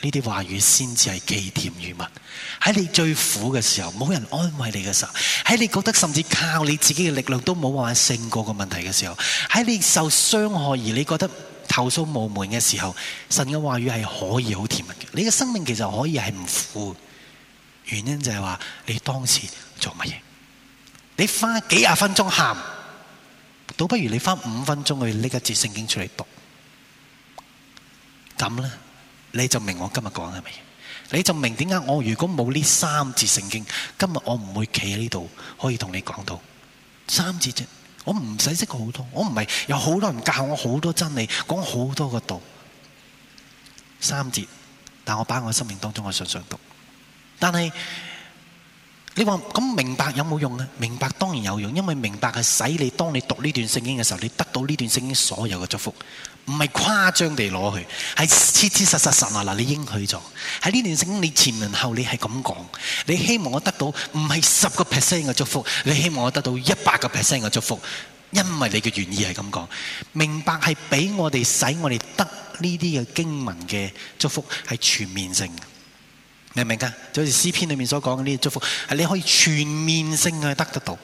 呢啲話語先至係其甜如蜜。喺你最苦嘅時候，冇人安慰你嘅時候，喺你覺得甚至靠你自己嘅力量都冇話勝過個問題嘅時候，喺你受傷害而你覺得投訴無門嘅時候，神嘅話語係可以好甜蜜嘅。你嘅生命其實可以係唔苦，原因就係話你當時做乜嘢？你花幾廿分鐘喊，倒不如你花五分鐘去拎一節聖經出嚟讀，咁呢？你就明我今日講係咪？你就明點解我如果冇呢三節聖經，今日我唔會企喺呢度可以同你講到三節啫。我唔使識好多，我唔係有好多人教我好多真理，講好多個道。三節，但我擺我生命當中我常常讀。但係你話咁明白有冇用呢？明白當然有用，因為明白係使你當你讀呢段聖經嘅時候，你得到呢段聖經所有嘅祝福。唔係誇張地攞去，係切切實實神啊！嗱，你應許咗喺呢段經，你前文後你係咁講，你希望我得到唔係十個 percent 嘅祝福，你希望我得到一百個 percent 嘅祝福，因為你嘅願意係咁講，明白係俾我哋使我哋得呢啲嘅經文嘅祝福係全面性，明唔明啊？就好似詩篇裏面所講嘅呢啲祝福，係你可以全面性去得得到。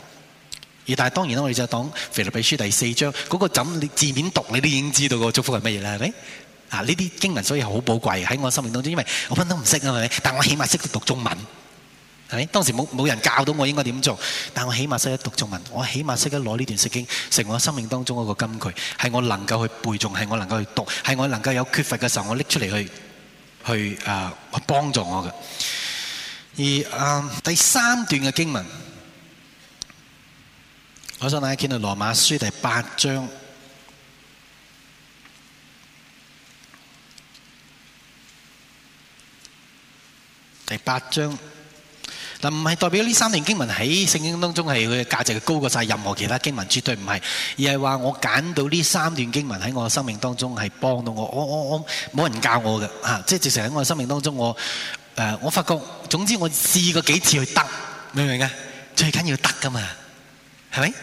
而但係當然啦，我哋就當《腓立比書》第四章嗰個枕，你字面讀你都已經知道個祝福係乜嘢啦，係咪？啊，呢啲經文所以係好寶貴喺我生命當中，因為我分都唔識啊，係咪？但我起碼識得讀中文，係咪？當時冇冇人教到我應該點做，但我起碼識得讀中文，我起碼識得攞呢段聖經成我生命當中一個金句，係我能夠去背誦，係我能夠去讀，係我能夠有缺乏嘅時候，我拎出嚟去去啊幫助我嘅。而啊第三段嘅經文。我想大家見到《羅馬書》第八章，第八章，但唔係代表呢三段經文喺聖經當中係佢嘅價值高過晒任何其他經文，絕對唔係，而係話我揀到呢三段經文喺我嘅生命當中係幫到我，我我我冇人教我嘅，吓，即係直情喺我嘅生命當中，我誒，我發覺，總之我試過幾次去得，明唔明啊？最緊要是得噶嘛，係咪？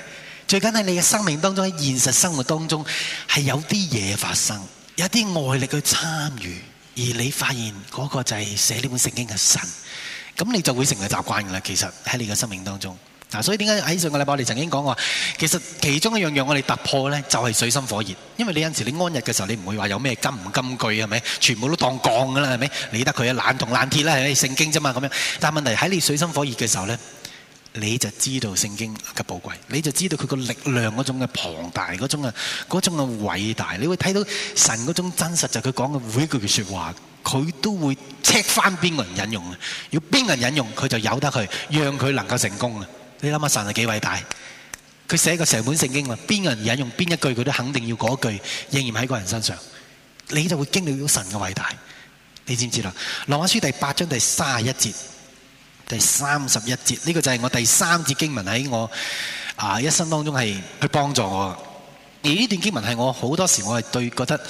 最緊係你嘅生命當中，喺現實生活當中係有啲嘢發生，有啲外力去參與，而你發現嗰個就係寫呢本聖經嘅神，咁你就會成為習慣噶啦。其實喺你嘅生命當中，啊，所以點解喺上個禮拜我哋曾經講過，其實其中一樣樣我哋突破咧，就係水深火熱。因為你有陣時你安逸嘅時候，你唔會話有咩金唔金句係咪？全部都當鋼噶啦係咪？理得佢啊，爛銅爛鐵啦，係聖經啫嘛咁樣。但係問題喺你水深火熱嘅時候咧。你就知道聖經嘅寶貴，你就知道佢個力量嗰種嘅龐大，嗰種啊，嗰種嘅偉大。你會睇到神嗰種真實就係佢講嘅每一句嘅説話，佢都會 check 翻邊個人引用啊！如果邊個人引用，佢就由得佢讓佢能夠成功啊！你諗下神係幾偉大？佢寫個成本聖經啊，邊個人引用邊一句，佢都肯定要嗰句應驗喺嗰人身上。你就會經歷到神嘅偉大，你知唔知啦？羅馬書第八章第三十一節。第三十一節，呢個就係我第三節經文，喺我啊一生當中係去幫助我。而呢段經文係我好多時我係對覺得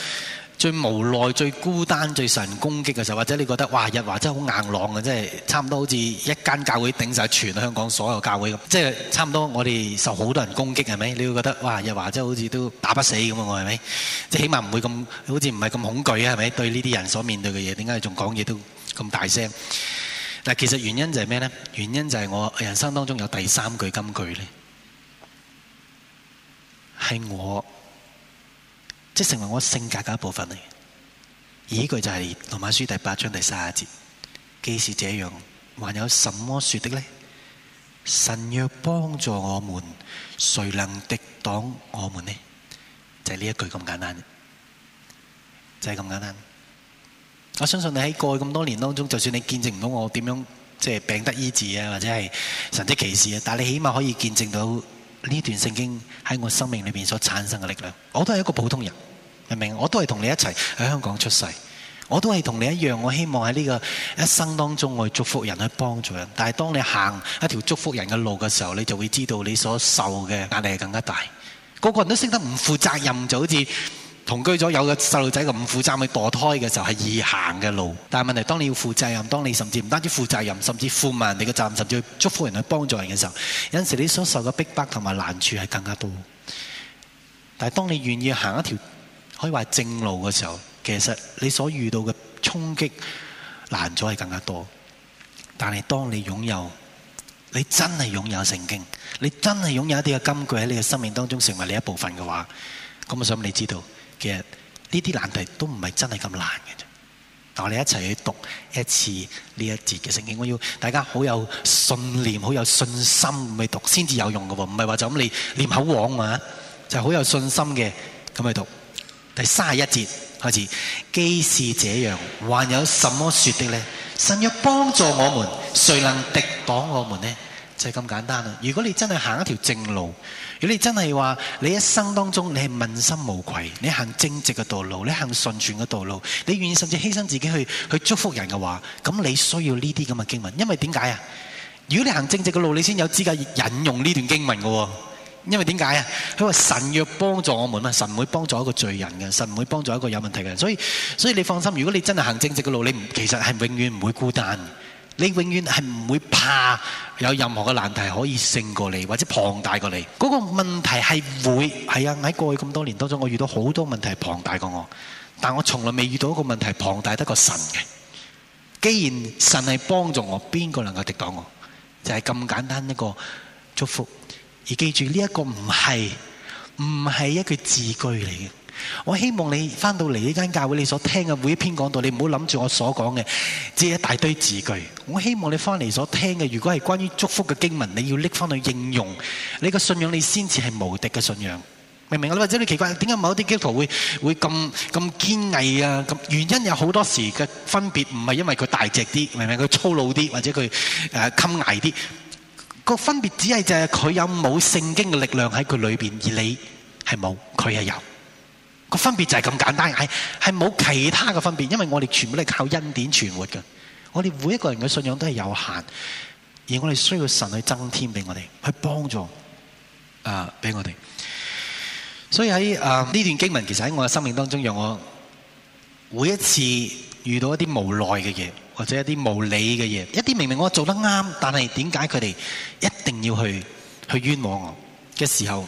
最無奈、最孤單、最受人攻擊嘅時候，或者你覺得哇！日華真係好硬朗啊，真係差唔多好似一間教會頂晒全香港所有教會咁，即係差唔多我哋受好多人攻擊，係咪？你會覺得哇！日華真係好似都打不死咁啊，我係咪？即係起碼唔會咁好似唔係咁恐懼啊，係咪？對呢啲人所面對嘅嘢，點解仲講嘢都咁大聲？但其實原因就係咩呢？原因就係我人生當中有第三句金句咧，係我即、就是、成為我性格嘅一部分嚟。而呢句就係、是、羅馬書第八章第三十節：，既是這樣，還有什麼說的呢？神若幫助我們，誰能敵擋我們呢？就係、是、呢一句咁簡單，就係、是、咁簡單。我相信你喺過去咁多年當中，就算你見證唔到我點樣即係病得醫治啊，或者係神跡奇事啊，但你起碼可以見證到呢段聖經喺我生命裏面所產生嘅力量。我都係一個普通人，明唔明？我都係同你一齊喺香港出世，我都係同你一樣。我希望喺呢個一生當中，我祝福人去幫助人。但係當你行一條祝福人嘅路嘅時候，你就會知道你所受嘅壓力係更加大。個個人都識得唔負責任，就好似～同居咗有個細路仔嘅，唔負責去墮胎嘅時候係易行嘅路，但係問題，當你要負責任，當你甚至唔單止負責任，甚至負埋人哋嘅責任，甚至去祝福人去幫助人嘅時候，有陣時候你所受嘅逼迫同埋難處係更加多。但係當你願意行一條可以話正路嘅時候，其實你所遇到嘅衝擊難咗係更加多。但係當你擁有，你真係擁有聖經，你真係擁有一啲嘅金句喺你嘅生命當中成為你一部分嘅話，咁我想你知道。其實呢啲難題都唔係真係咁難嘅啫，但我哋一齊去讀一次呢一節嘅聖經。我要大家好有信念、好有信心去讀，先至有用嘅喎。唔係話就咁你念口簧啊，就係好有信心嘅咁去讀。第三十一節開始，既是這樣，還有什麼説的呢？神要幫助我們，誰能敵擋我們呢？就係咁簡單啦。如果你真係行一條正路。如果你真係話你一生當中你係問心無愧，你行正直嘅道路，你行順轉嘅道路，你願意甚至犧牲自己去去祝福人嘅話，咁你需要呢啲咁嘅經文，因為點解啊？如果你行正直嘅路，你先有資格引用呢段經文嘅喎。因為點解啊？佢話神若幫助我們啊，神唔會幫助一個罪人嘅，神唔會幫助一個有問題嘅人。所以所以你放心，如果你真係行正直嘅路，你其實係永遠唔會孤單。你永遠係唔會怕有任何嘅難題可以勝過你，或者龐大過你嗰、那個問題係會係啊！喺過去咁多年當中，我遇到好多問題係龐大過我，但我從來未遇到一個問題龐大得過神嘅。既然神係幫助我，邊個能夠敵擋我？就係、是、咁簡單一個祝福。而記住呢一、這個唔係唔係一句字句嚟嘅。我希望你翻到嚟呢間教會，你所聽嘅每一篇講道，你唔好諗住我所講嘅只係一大堆字句。我希望你翻嚟所聽嘅，如果係關於祝福嘅經文，你要拎翻去應用。你個信仰，你先至係無敵嘅信仰，明唔明啊？或者你奇怪點解某一啲基督徒會會咁咁堅毅啊？咁原因有好多時嘅分別，唔係因為佢大隻啲，明唔明？佢粗魯啲，或者佢誒襟捱啲。呃，那個分別只係就係佢有冇聖經嘅力量喺佢裏邊，而你係冇，佢係有。個分別就係咁簡單，係係冇其他嘅分別，因為我哋全部都係靠恩典存活嘅。我哋每一個人嘅信仰都係有限，而我哋需要神去增添俾我哋，去幫助啊，俾我哋。所以喺啊呢段經文，其實喺我嘅生命當中，讓我每一次遇到一啲無奈嘅嘢，或者一啲無理嘅嘢，一啲明明我做得啱，但係點解佢哋一定要去去冤枉我嘅時候。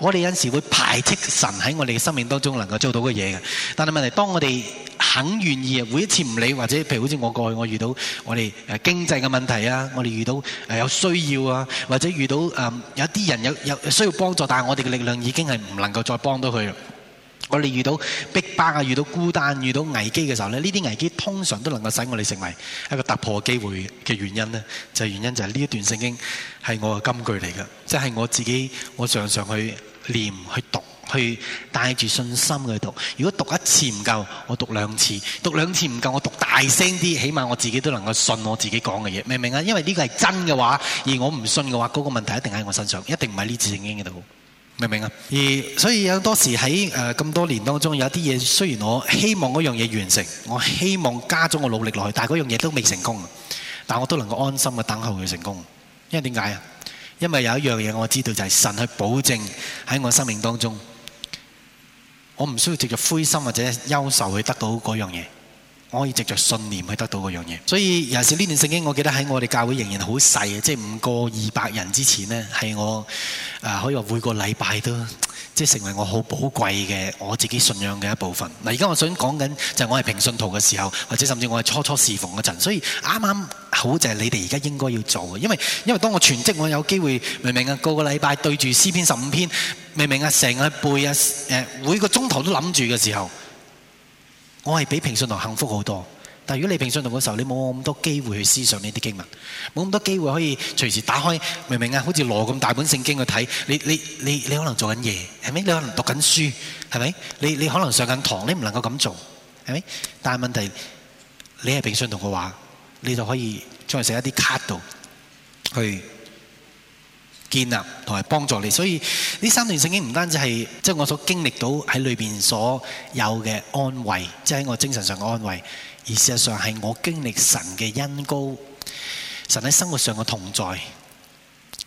我哋有陣時會排斥神喺我哋嘅生命當中能夠做到嘅嘢嘅，但係問題當我哋肯願意啊，每一次唔理或者譬如好似我過去我遇到我哋誒經濟嘅問題啊，我哋遇到誒有需要啊，或者遇到誒有啲人有有需要幫助，但係我哋嘅力量已經係唔能夠再幫到佢啦。我哋遇到逼巴啊，遇到孤單，遇到危機嘅時候呢，呢啲危機通常都能夠使我哋成為一個突破嘅機會嘅原因呢就係、原因就係呢一段聖經係我嘅金句嚟嘅，即係我自己我常常去。念去讀，去帶住信心去讀。如果讀一次唔夠，我讀兩次；讀兩次唔夠，我讀大聲啲。起碼我自己都能夠信我自己講嘅嘢，明唔明啊？因為呢個係真嘅話，而我唔信嘅話，嗰個問題一定喺我身上，一定唔喺呢次聖經嗰度，明唔明啊？而所以有好多時喺誒咁多年當中，有啲嘢雖然我希望嗰樣嘢完成，我希望加咗我努力落去，但係嗰樣嘢都未成功。但係我都能夠安心嘅等候佢成功，因為點解啊？因為有一樣嘢我知道，就係、是、神去保證喺我生命當中，我唔需要藉住灰心或者憂愁去得到嗰樣嘢。我可以藉着信念去得到嗰樣嘢，所以有時呢段聖經，我記得喺我哋教會仍然好細嘅，即係唔過二百人之前呢，係我誒可以話每個禮拜都即係成為我好寶貴嘅我自己信仰嘅一部分。嗱，而家我想講緊就係我係平信徒嘅時候，或者甚至我係初初侍奉嗰陣，所以啱啱好就係你哋而家應該要做嘅，因為因為當我全職我有機會，明明啊？個個禮拜對住詩篇十五篇，明明啊？成日背啊誒，每個鐘頭都諗住嘅時候。我係比平信徒幸福好多，但係如果你平信徒嘅時候，你冇咁多機會去思想呢啲經文，冇咁多機會可以隨時打開，明唔明啊？好似攞咁大本聖經去睇，你你你你可能做緊嘢，係咪？你可能讀緊書，係咪？你你可能上緊堂，你唔能夠咁做，係咪？但係問題你係平信徒嘅話，你就可以寫喺一啲卡度去。建立同埋幫助你，所以呢三段聖經唔單止係即係我所經歷到喺裏面所有嘅安慰，即係我精神上嘅安慰，而事實上係我經歷神嘅恩膏、神喺生活上嘅同在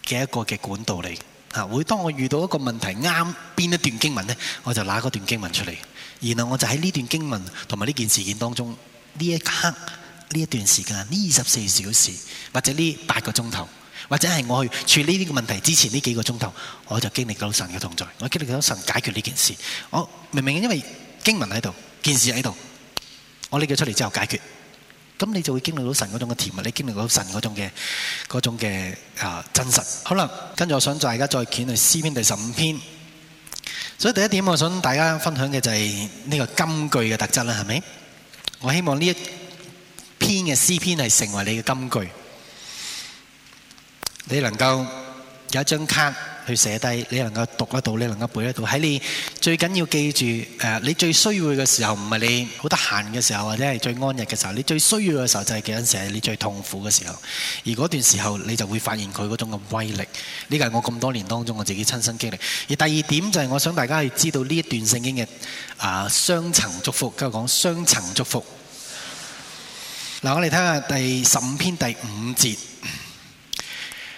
嘅一個嘅管道嚟。每會當我遇到一個問題，啱邊一段經文呢，我就揦嗰段經文出嚟，然後我就喺呢段經文同埋呢件事件當中，呢一刻、呢一段時間、呢二十四小時或者呢八個鐘頭。或者係我去處理呢啲問題之前呢幾個鐘頭，我就經歷到神嘅同在，我經歷到神解決呢件事。我明明因為經文喺度，件事喺度，我拎佢出嚟之後解決，咁你就會經歷到神嗰種嘅甜蜜，你經歷到神嗰種嘅嗰種嘅啊真實。好啦，跟住我想帶大家再揭去詩篇第十五篇。所以第一點，我想大家分享嘅就係呢個金句嘅特質啦，係咪？我希望呢一篇嘅詩篇係成為你嘅金句。你能夠有一張卡去寫低，你能夠讀得到，你能夠背得到。喺你最緊要記住，誒，你最需要嘅時候，唔係你好得閒嘅時候，或者係最安逸嘅時候，你最需要嘅時候就係幾時係你最痛苦嘅時候。而嗰段時候，你就會發現佢嗰種嘅威力。呢個係我咁多年當中我自己親身經歷。而第二點就係我想大家去知道呢一段聖經嘅啊雙層祝福，即係講雙層祝福。嗱，我哋睇下第十五篇第五節。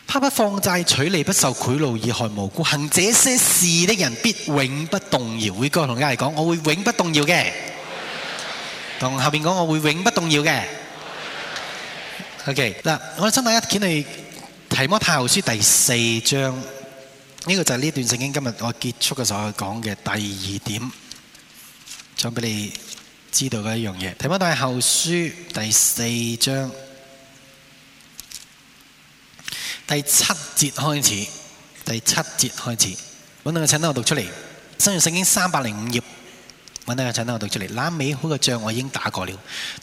他不放債、取利、不受賄賂，以害無辜。行這些事的人，必永不動搖。會哥同大家講，我會永不動搖嘅。同後面講，我會永不動搖嘅。OK 嗱，我哋今日一見係提摩太後書第四章，呢、這個就係呢段聖經今日我結束嘅時候講嘅第二點，想俾你知道嘅一樣嘢。提摩太後書第四章。第七節開始，第七節開始，搵到個襯單我讀出嚟。新約聖經三百零五頁，搵到個襯單我讀出嚟。那美好嘅仗我已經打過了，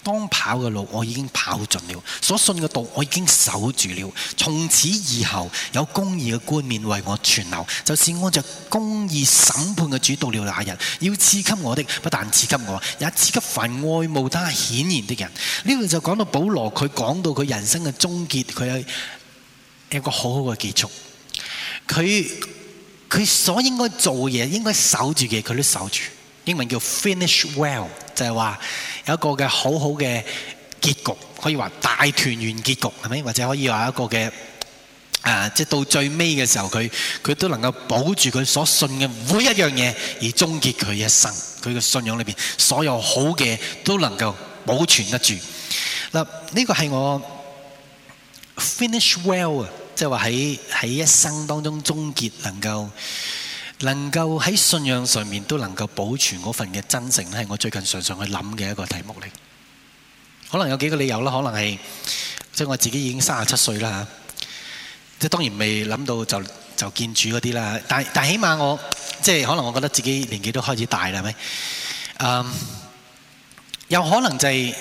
當跑嘅路我已經跑盡了，所信嘅道我已經守住了。從此以後有公義嘅冠冕為我存留，就是按着公義審判嘅主到了那日，要賜給我的，不但賜給我，也賜給，給凡愛慕他顯現的人。呢度就講到保羅佢講到佢人生嘅終結，佢喺。一個好好嘅結束，佢佢所應該做嘅嘢，應該守住嘅，佢都守住。英文叫 finish well，就係話有一個嘅好好嘅結局，可以話大團圓結局，係咪？或者可以話一個嘅誒，即係到最尾嘅時候，佢佢都能夠保住佢所信嘅每一樣嘢，而終結佢一生。佢嘅信仰裏邊所有好嘅都能夠保存得住。嗱，呢個係我 finish well 啊！即係話喺喺一生當中終結，能夠能夠喺信仰上面都能夠保存嗰份嘅真誠咧，係我最近常常去諗嘅一個題目嚟。可能有幾個理由啦，可能係即係我自己已經三十七歲啦吓，即係當然未諗到就就見主嗰啲啦。但但起碼我即係可能我覺得自己年紀都開始大啦，係咪？嗯，um，有可能就係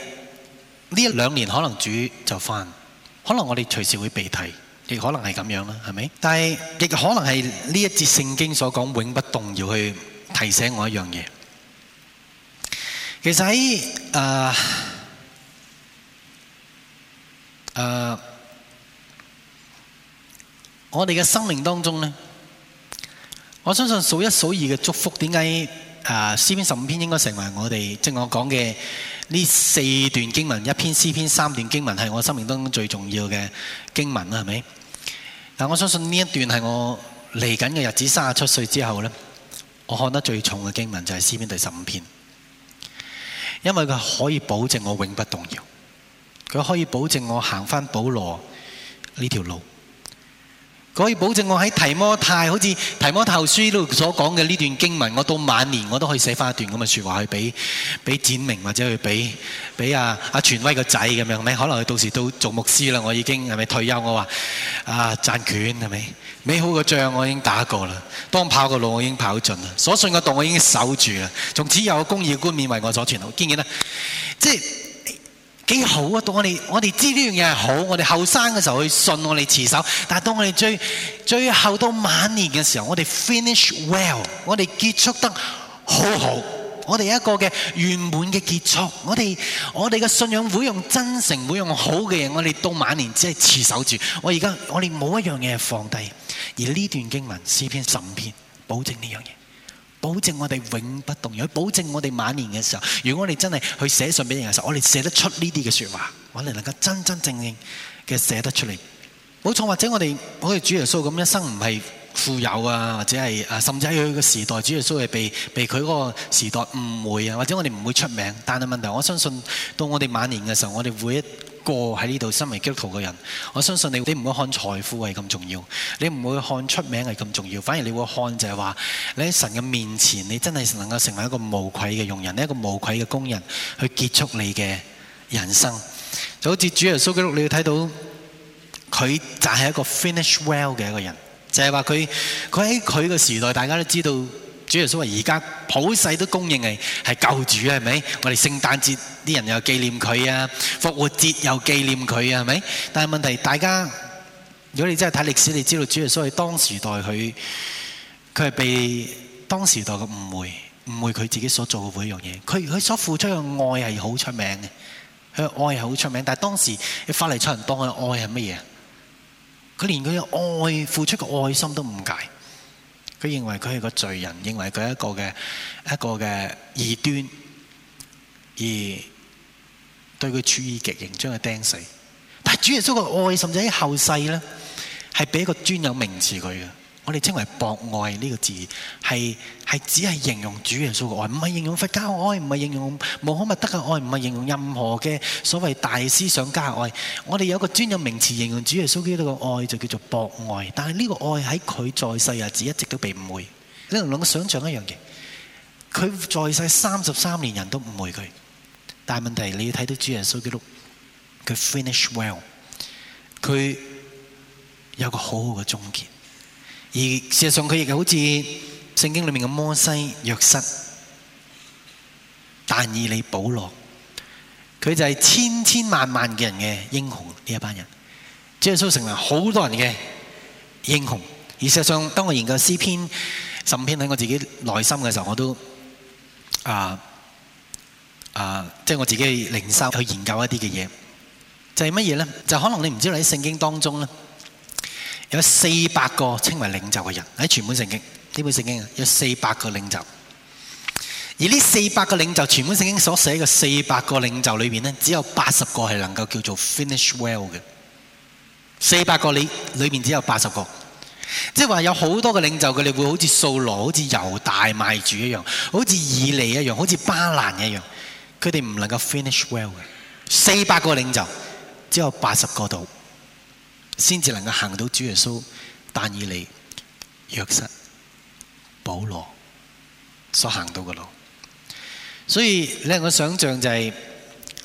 呢一兩年可能主就返，可能我哋隨時會被提。亦可能係咁樣啦，係咪？但係亦可能係呢一節聖經所講永不動搖，去提醒我一樣嘢。其實喺啊、啊，我哋嘅生命當中咧，我相信數一數二嘅祝福，點解啊詩篇十五篇應該成為我哋即係我講嘅呢四段經文，一篇詩篇，三段經文係我生命當中最重要嘅經文啦，係咪？但我相信呢一段係我嚟緊嘅日子，三十七歲之後咧，我看得最重嘅經文就係詩篇第十五篇，因為佢可以保證我永不動搖，佢可以保證我行返保羅呢條路。可以保證我喺提摩太好似提摩太後書度所講嘅呢段經文，我到晚年我都可以寫返一段咁嘅説話，去給俾展明，或者去給俾阿阿全威個仔，可能佢到時都做牧師了，我已經係咪退休？我話啊賺錢係咪？美好的仗我已經打過了，當跑的路我已經跑盡了，所信的道我已經守住了，從此有公義冠冕為我所傳。見見」我見即幾好啊！到我哋，我哋知呢樣嘢係好。我哋後生嘅時候去信，我哋持守。但係到我哋最最後到晚年嘅時候，我哋 finish well，我哋結束得好好。我哋一個嘅圓滿嘅結束。我哋我哋嘅信仰會用真誠，會用好嘅嘢。我哋到晚年只係持守住。我而家我哋冇一樣嘢係放低。而呢段經文詩篇十五篇，保證呢樣嘢。保證我哋永不動，如果保證我哋晚年嘅時候，如果我哋真係去寫信俾人嘅時候，我哋寫得出呢啲嘅說話，我哋能夠真真正正嘅寫得出嚟，冇錯。或者我哋好似主耶穌咁，一生唔係富有啊，或者係啊，甚至喺佢個時代，主耶穌係被被佢嗰個時代誤會啊，或者我哋唔會出名。但係問題，我相信到我哋晚年嘅時候，我哋會一。過喺呢度，身為基督徒嘅人，我相信你，你唔會看財富係咁重要，你唔會看出名係咁重要，反而你會看就係話，你喺神嘅面前，你真係能夠成為一個無愧嘅傭人，一個無愧嘅工人，去結束你嘅人生，就好似主耶穌基督，你要睇到佢就係一個 finish well 嘅一個人，就係話佢，佢喺佢嘅時代，大家都知道。主耶穌係，而家普世都公認係係救主，係咪？我哋聖誕節啲人又紀念佢啊，復活節又紀念佢啊，係咪？但係問題，大家如果你真係睇歷史，你知道主耶穌喺當時代佢佢係被當時代嘅誤會，誤會佢自己所做嘅每一樣嘢。佢佢所付出嘅愛係好出名嘅，佢愛係好出名。但係當時，法利賽人當佢愛係乜嘢？佢連佢嘅愛付出嘅愛心都誤解。佢認為佢係個罪人，認為佢一個嘅一個嘅異端，而對佢處以極刑，將佢釘死。但是主耶穌嘅愛，甚至喺後世呢，係俾一個專有名詞佢嘅。我哋稱為博愛呢個字，係只係形容主耶穌嘅愛，唔係形容佛教愛，唔係形容無可物得嘅愛，唔係形容任何嘅所謂大思想家愛。我哋有個專有名詞形容主耶穌基督嘅愛，就叫做博愛。但係呢個愛喺佢在世日子一直都被誤會。你能唔能夠想象一樣嘢？佢在世三十三年，人都誤會佢。但係問題是，你要睇到主耶穌基督，佢 finish well，佢有個好好嘅終結。而事實上，佢亦好似聖經裏面嘅摩西、約瑟、但以理、保羅，佢就係千千萬萬嘅人嘅英雄呢一班人。耶穌成為好多人嘅英雄。而事實上，當我研究詩篇、15篇喺我自己內心嘅時候，我都啊啊，即、啊、係、就是、我自己靈修去研究一啲嘅嘢，就係乜嘢呢？就是、可能你唔知道喺聖經當中有四百個稱為領袖嘅人，喺全本聖經呢本聖經啊，有四百個領袖。而呢四百個領袖，全本聖經所寫嘅四百個領袖裏邊呢，只有八十個係能夠叫做 finish well 嘅。四百個裏裏面只有八十個，即係話有好多嘅領袖佢哋會好似掃羅，好似猶大賣主一樣，好似以利一樣，好似巴蘭一樣，佢哋唔能夠 finish well 嘅。四百個領袖只有八十個度。先至能夠行到主耶穌，但以理、約瑟、保羅所行到嘅路，所以你能夠想像就係、是、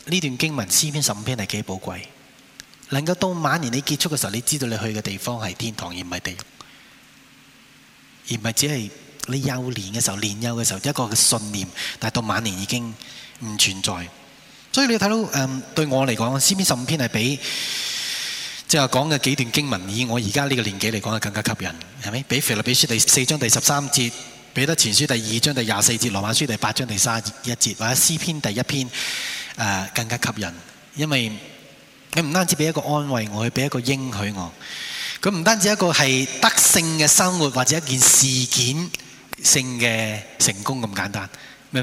呢段經文詩篇十五篇係幾寶貴，能夠到晚年你結束嘅時候，你知道你去嘅地方係天堂而唔係地獄，而唔係只係你幼年嘅時候、年幼嘅時候一個嘅信念，但到晚年已經唔存在。所以你睇到誒，對我嚟講，詩篇十五篇係比。即係講嘅幾段經文，以我而家呢個年紀嚟講，係更加吸引，係咪？比腓立比書第四章第十三節，彼得前書第二章第廿四節，羅馬書第八章第卅一節，或者詩篇第一篇、呃，更加吸引。因為佢唔單止俾一個安慰我，佢俾一個應許我。佢唔單止一個係德性嘅生活，或者一件事件性嘅成功咁簡單。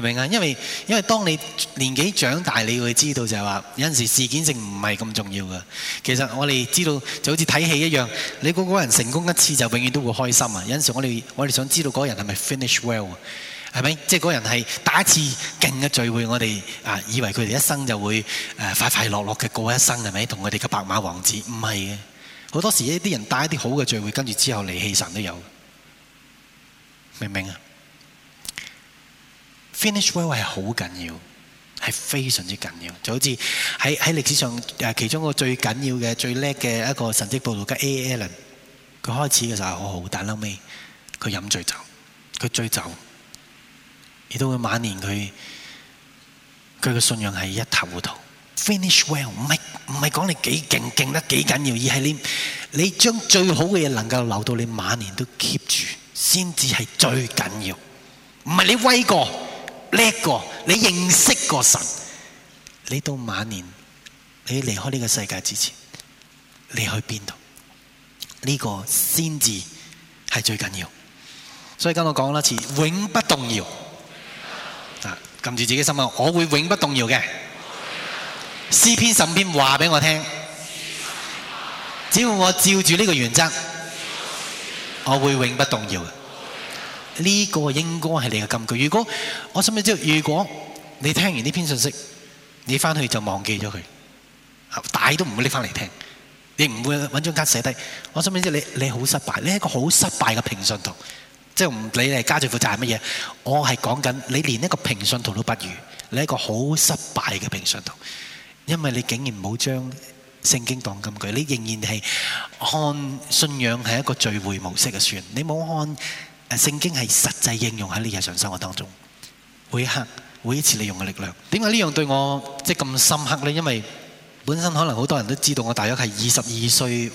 明唔明啊？因為因為當你年紀長大，你會知道就係話有陣時事件性唔係咁重要噶。其實我哋知道就好似睇戲一樣，你估個人成功一次就永遠都會開心啊。有陣時我哋我哋想知道個人係咪 finish well 啊？係咪？即係個人係打一次勁嘅聚會，我哋啊以為佢哋一生就會誒快快樂樂嘅過一生，係咪？同佢哋嘅白馬王子唔係嘅。好多時候一啲人帶一啲好嘅聚會，跟住之後離棄神都有，明唔明啊？Finish well 係好緊要，係非常之緊要。就好似喺喺歷史上誒，其中個最緊要嘅，最叻嘅一個神蹟報道家 A. Allen，佢開始嘅時候係好好，但係後尾佢飲醉酒，佢醉酒，而到佢晚年，佢佢嘅信仰係一塌糊塗。Finish well 唔係唔係講你幾勁，勁得幾緊要，而係你你將最好嘅嘢能夠留到你晚年都 keep 住，先至係最緊要。唔係你威過。叻過，你認識個神，你到晚年，你離開呢個世界之前，你去邊度？呢個先至係最緊要。所以今日講多次永不動搖，啊，撳住自己心啊，我會永不動搖嘅。詩篇，十五篇話俾我聽，只要我照住呢個原則，我會永不動搖嘅。呢、這個應該係你嘅金句。如果我想唔知道，如果你聽完呢篇信息，你翻去就忘記咗佢，帶都唔會拎翻嚟聽，你唔會揾張卡寫低。我想唔知道你你好失敗，你係一個好失敗嘅平信徒，即係唔理你家聚負責係乜嘢。我係講緊你連一個平信徒都不如，你係一個好失敗嘅平信徒，因為你竟然冇將聖經當金句，你仍然係看信仰係一個聚會模式嘅船，你冇看。誒聖經係實際應用喺呢日常生活當中，每一刻每一次利用嘅力量。點解呢樣對我即係咁深刻呢？因為本身可能好多人都知道，我大約係二十二歲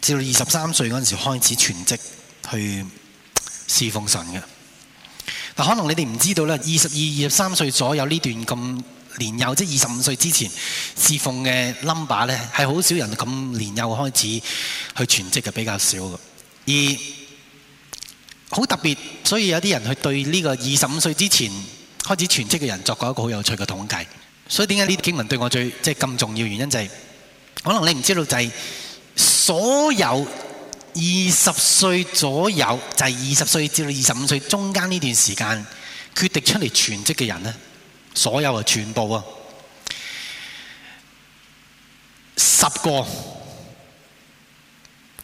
至到二十三歲嗰陣時開始全職去侍奉神嘅。但可能你哋唔知道咧，二十二、二十三歲左右呢段咁年幼，即二十五歲之前侍奉嘅 number 咧，係好少人咁年幼開始去全職嘅比較少嘅，而。好特別，所以有啲人去對呢個二十五歲之前開始全職嘅人作過一個好有趣嘅統計。所以點解呢啲經文對我最即係咁重要？原因就係、是、可能你唔知道就係所有二十歲左右，就係二十歲至到二十五歲中間呢段時間決定出嚟全職嘅人呢，所有啊全部啊十個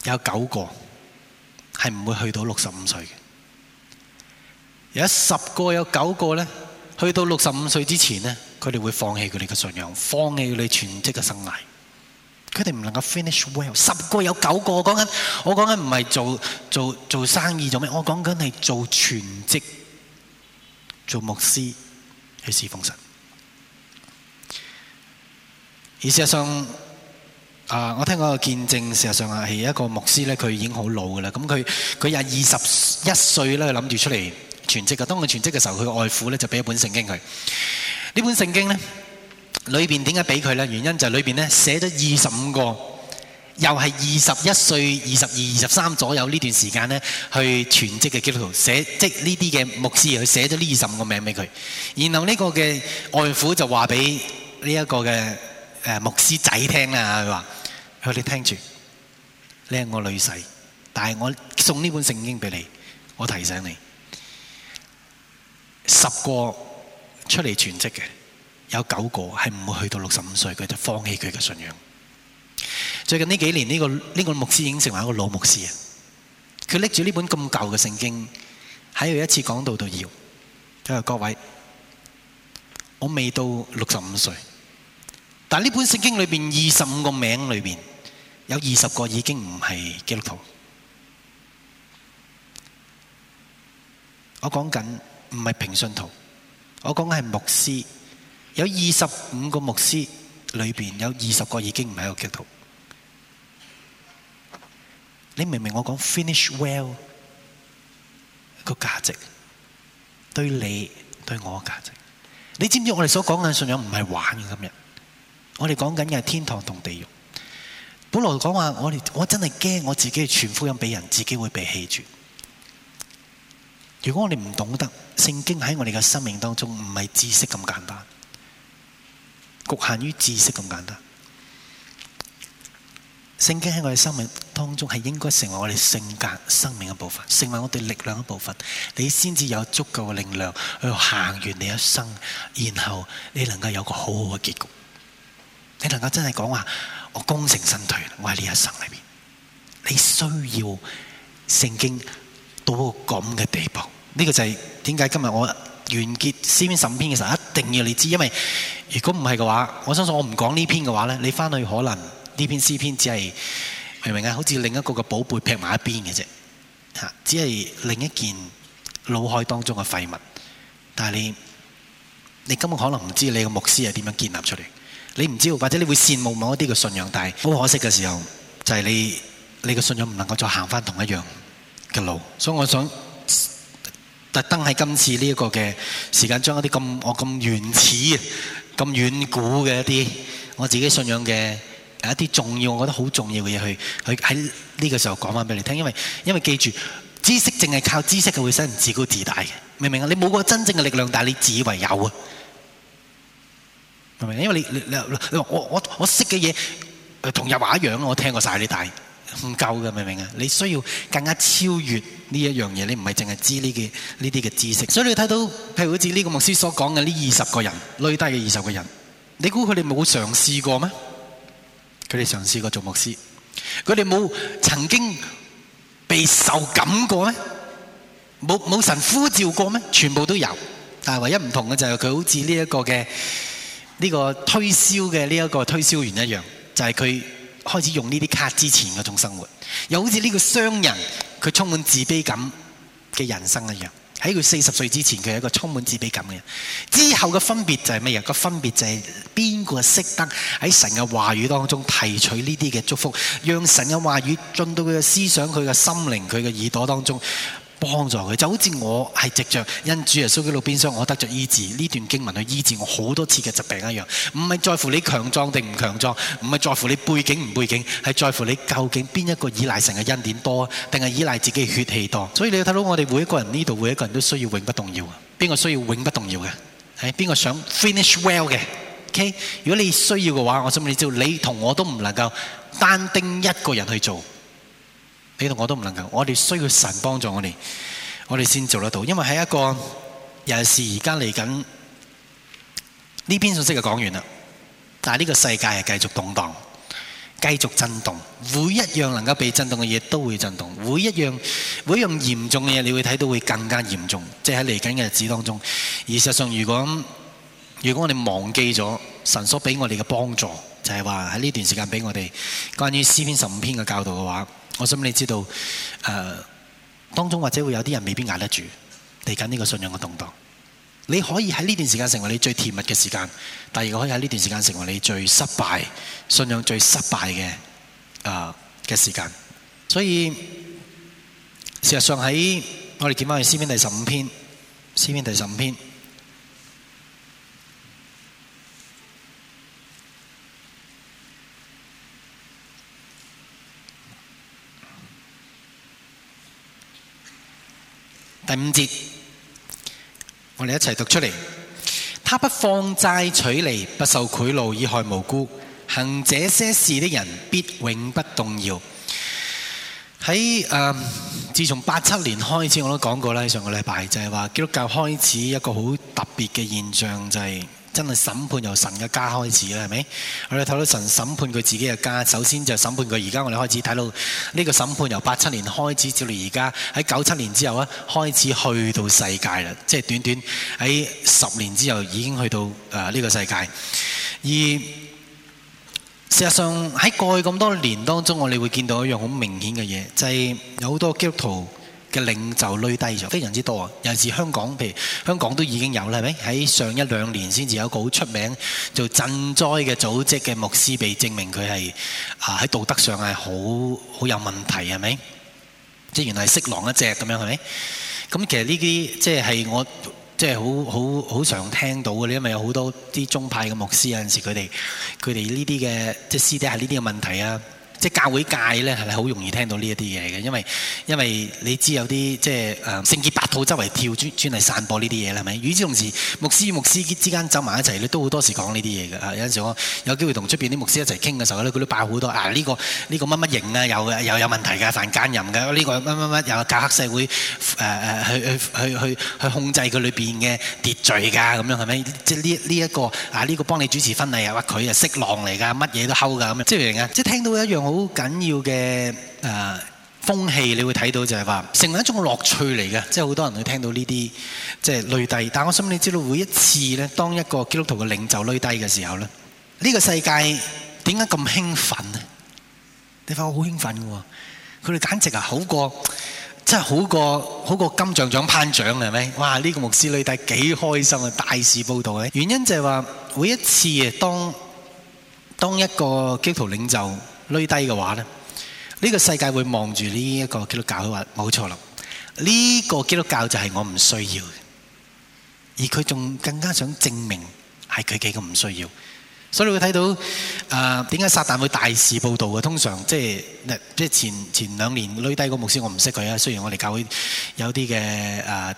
有九個。係唔會去到六十五歲嘅，有十個有九個咧，去到六十五歲之前咧，佢哋會放棄佢哋嘅信仰，放棄佢哋全職嘅生涯，佢哋唔能夠 finish well。十個有九個，我講緊我講緊唔係做做做生意做咩，我講緊係做全職做牧師去侍奉神。而事實上。啊！我聽過個見證，事實上係一個牧師咧，佢已經好老噶啦。咁佢佢廿二十一歲咧，諗住出嚟全職噶。當佢全職嘅時候，佢外父咧就俾一本聖經佢。呢本聖經咧裏邊點解俾佢咧？原因就係裏邊咧寫咗二十五個，又係二十一歲、二十二、二十三左右呢段時間咧去全職嘅基督徒寫即呢啲嘅牧師，佢寫咗呢二十五個名俾佢。然後呢個嘅外父就話俾呢一個嘅誒牧師仔聽啦，佢話。佢話，你聽住，你係我女仔，但係我送呢本聖經俾你，我提醒你，十個出嚟全職嘅，有九個係唔會去到六十五歲，佢就放棄佢嘅信仰。最近呢幾年呢、呢個呢牧師已經成為一個老牧師，佢拎住呢本咁舊嘅聖經，喺佢一次講道度要說，各位，我未到六十五歲，但係呢本聖經裏面二十五個名裏面。」有二十個已經唔係，基督徒。我講緊唔係平信徒，我講係牧師。有二十五個牧師裏面，有二十個已經唔係個基督徒。你明唔明我講 finish well 個價值？對你對我的價值。你知唔知我哋所講緊信仰唔係玩嘅？今日我哋講緊嘅係天堂同地獄。本來講話我哋，我真係驚我自己傳福音俾人，自己會被棄絕。如果我哋唔懂得聖經喺我哋嘅生命當中，唔係知識咁簡單，局限於知識咁簡單。聖經喺我哋生命當中係應該成為我哋性格、生命嘅部分，成為我哋力量嘅部分。你先至有足夠嘅力量去行完你一生，然後你能夠有個好好嘅結局。你能夠真係講話。我功成身退，我喺呢一生裏邊，你需要聖經到一個咁嘅地步，呢個就係點解今日我完結詩篇十五篇嘅時候，一定要你知。因為如果唔係嘅話，我相信我唔講呢篇嘅話咧，你翻去，可能呢篇詩篇只係明唔明啊？好似另一個嘅寶貝劈埋一邊嘅啫，吓，只係另一件腦海當中嘅廢物。但係你，你根本可能唔知你嘅牧師係點樣建立出嚟。你唔知道，或者你會羨慕某一啲嘅信仰，但係好可惜嘅時候，就係你你嘅信仰唔能夠再行翻同一樣嘅路。所以我想特登喺今次呢一個嘅時間，將一啲咁我咁原始、咁遠古嘅一啲我自己信仰嘅一啲重要，我覺得好重要嘅嘢，去去喺呢個時候講翻俾你聽。因為因為記住知識淨係靠知識嘅會使人自高自大嘅，明唔明啊？你冇個真正嘅力量，但係你自以為有啊！因為你你你你話我我我識嘅嘢同日華一樣，我聽過晒。你大唔夠嘅明唔明啊？你需要更加超越呢一樣嘢，你唔係淨係知呢嘅呢啲嘅知識。所以你睇到譬如好似呢個牧師所講嘅呢二十個人，累低嘅二十個人，你估佢哋冇嘗試過咩？佢哋嘗試過做牧師，佢哋冇曾經被受感過咩？冇冇神呼召過咩？全部都有，但係唯一唔同嘅就係佢好似呢一個嘅。呢、這個推銷嘅呢一個推銷員一樣，就係、是、佢開始用呢啲卡之前嗰種生活，又好似呢個商人，佢充滿自卑感嘅人生一樣。喺佢四十歲之前，佢係一個充滿自卑感嘅人。之後嘅分別就係咩嘢？個分別就係邊個識得喺神嘅話語當中提取呢啲嘅祝福，讓神嘅話語進到佢嘅思想、佢嘅心靈、佢嘅耳朵當中。幫助佢，就好似我係藉着恩主耶穌基督邊廂，我得咗醫治呢段經文去醫治我好多次嘅疾病一樣，唔係在乎你強壯定唔強壯，唔係在乎你背景唔背景，係在乎你究竟邊一個依賴神嘅恩典多，定係依賴自己嘅血氣多。所以你要睇到我哋每一個人呢度，每一個人都需要永不動搖。邊個需要永不動搖嘅？係邊個想 finish well 嘅？OK，如果你需要嘅話，我想你知道你同我都唔能夠單丁一個人去做。你同我都唔能夠，我哋需要神幫助我哋，我哋先做得到。因為係一個尤其是而家嚟緊，呢篇信息就講完啦。但係呢個世界係繼續動盪，繼續震動，每一樣能夠被震動嘅嘢都會震動，每一樣每一樣嚴重嘅嘢，你會睇到會更加嚴重。即係喺嚟緊嘅日子當中，而事實上如，如果如果我哋忘記咗神所俾我哋嘅幫助，就係話喺呢段時間俾我哋關於詩篇十五篇嘅教導嘅話。我想你知道，誒、呃，當中或者會有啲人未必捱得住嚟緊呢個信仰嘅動盪。你可以喺呢段時間成為你最甜蜜嘅時間，第二個可以喺呢段時間成為你最失敗、信仰最失敗嘅誒嘅時間。所以事實上喺我哋見翻去詩篇第十五篇，詩篇第十五篇。第五節，我哋一齊讀出嚟。他不放債取利，不受賄賂，以害無辜。行這些事的人，必永不動搖。喺誒、呃，自從八七年開始，我都講過啦。上個禮拜就係話，基督教開始一個好特別嘅現象就係、是。真係審判由神嘅家開始啦，係咪？我哋睇到神審判佢自己嘅家，首先就審判佢。而家我哋開始睇到呢個審判由八七年開始，至到而家喺九七年之後啊，開始去到世界啦。即係短短喺十年之後，已經去到啊呢個世界。而事實上喺過去咁多年當中，我哋會見到一樣好明顯嘅嘢，就係有好多基督徒嘅領袖累低咗，非常之多啊！有陣時香港，譬如香港都已經有啦，係咪？喺上一兩年先至有一個好出名做賑災嘅組織嘅牧師，被證明佢係啊喺道德上係好好有問題，係咪？即係原來色狼一隻咁樣，係咪？咁其實呢啲即係係我即係好好好常聽到嘅，因為有好多啲宗派嘅牧師有陣時佢哋佢哋呢啲嘅即係私底下呢啲嘅問題啊。即係教會界咧，係好容易聽到呢一啲嘢嘅，因為因為你知有啲即係誒聖潔白兔周圍跳專專係散播呢啲嘢啦，係咪？與此同時，牧師與牧師之間走埋一齊咧，都好多時講呢啲嘢嘅。有陣時我有機會同出邊啲牧師一齊傾嘅時候咧，佢都爆好多啊！呢個呢個乜乜型啊，又有問題㗎，犯奸淫㗎，呢個乜乜乜又教黑社會、呃、去去去去，去控制佢裏邊嘅秩序㗎，咁樣係咪？即係呢呢一個啊，呢個幫你主持婚禮啊，佢啊色狼嚟㗎，乜嘢都溝㗎咁樣。即係點啊？即係聽到一樣。好緊要嘅誒、呃、風氣，你會睇到就係話成為一種樂趣嚟嘅，即係好多人會聽到呢啲即係累低。但我心裏知道，每一次咧，當一個基督徒嘅領袖累低嘅時候咧，呢、這個世界點解咁興奮咧？你發覺我好興奮嘅喎，佢哋簡直啊好過，真係好過好過金像獎頒獎係咪？哇！呢、這個牧師累低幾開心啊，大事報道啊！原因就係話，每一次當當一個基督徒領袖累低嘅話呢，呢個世界會望住呢一個基督教，佢話冇錯啦，呢個基督教就係我唔需要嘅，而佢仲更加想證明係佢幾個唔需要，所以你會睇到啊點解撒旦會大肆報道嘅。通常即係即係前前兩年累低個牧師，我唔識佢啊。雖然我哋教會有啲嘅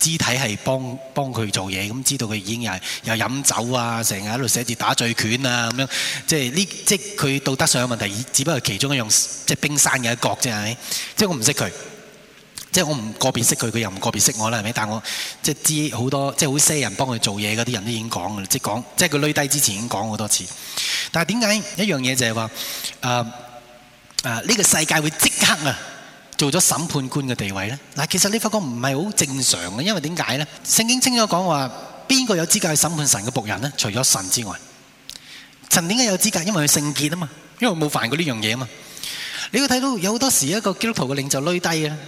肢體係幫幫佢做嘢，咁知道佢已經係又飲酒啊，成日喺度寫字打醉拳啊，咁樣即係呢即係佢道德上有問題，只不過係其中一樣即係冰山嘅一角啫，係咪？即係我唔識佢，即係我唔個別識佢，佢又唔個別識我啦，係咪？但係我即係知好多，即係好些人幫佢做嘢嗰啲人都已經講㗎即係講即係佢匿低之前已經講好多次。但係點解一樣嘢就係話誒誒呢個世界會即刻啊？做咗審判官嘅地位咧，嗱，其實你發覺唔係好正常嘅，因為點解咧？聖經清楚講話，邊個有資格去審判神嘅僕人咧？除咗神之外，神點解有資格？因為佢聖潔啊嘛，因為冇犯過呢樣嘢啊嘛。你會睇到有好多時一個基督徒嘅領袖衰低啊，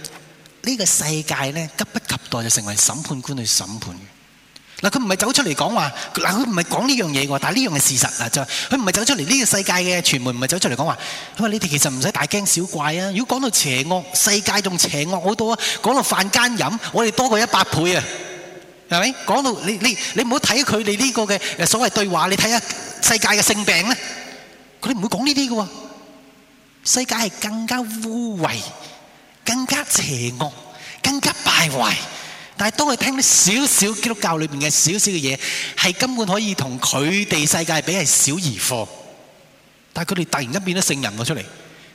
呢個世界咧急不及待就成為審判官去審判。嗱，佢唔係走出嚟講話，嗱，佢唔係講呢樣嘢喎，但係呢樣係事實啊！就佢唔係走出嚟呢個世界嘅傳媒，唔係走出嚟講話，佢話你哋其實唔使大驚小怪啊！如果講到邪惡，世界仲邪惡好多啊！講到犯奸淫，我哋多過一百倍啊，係咪？講到你你你唔好睇佢哋呢個嘅所謂對話，你睇下世界嘅性病咧，佢哋唔會講呢啲嘅喎，世界係更加污穢、更加邪惡、更加敗壞。但係，當佢聽到少少基督教裏邊嘅少少嘅嘢，係根本可以同佢哋世界比係小兒科。但係佢哋突然間變咗聖人個出嚟，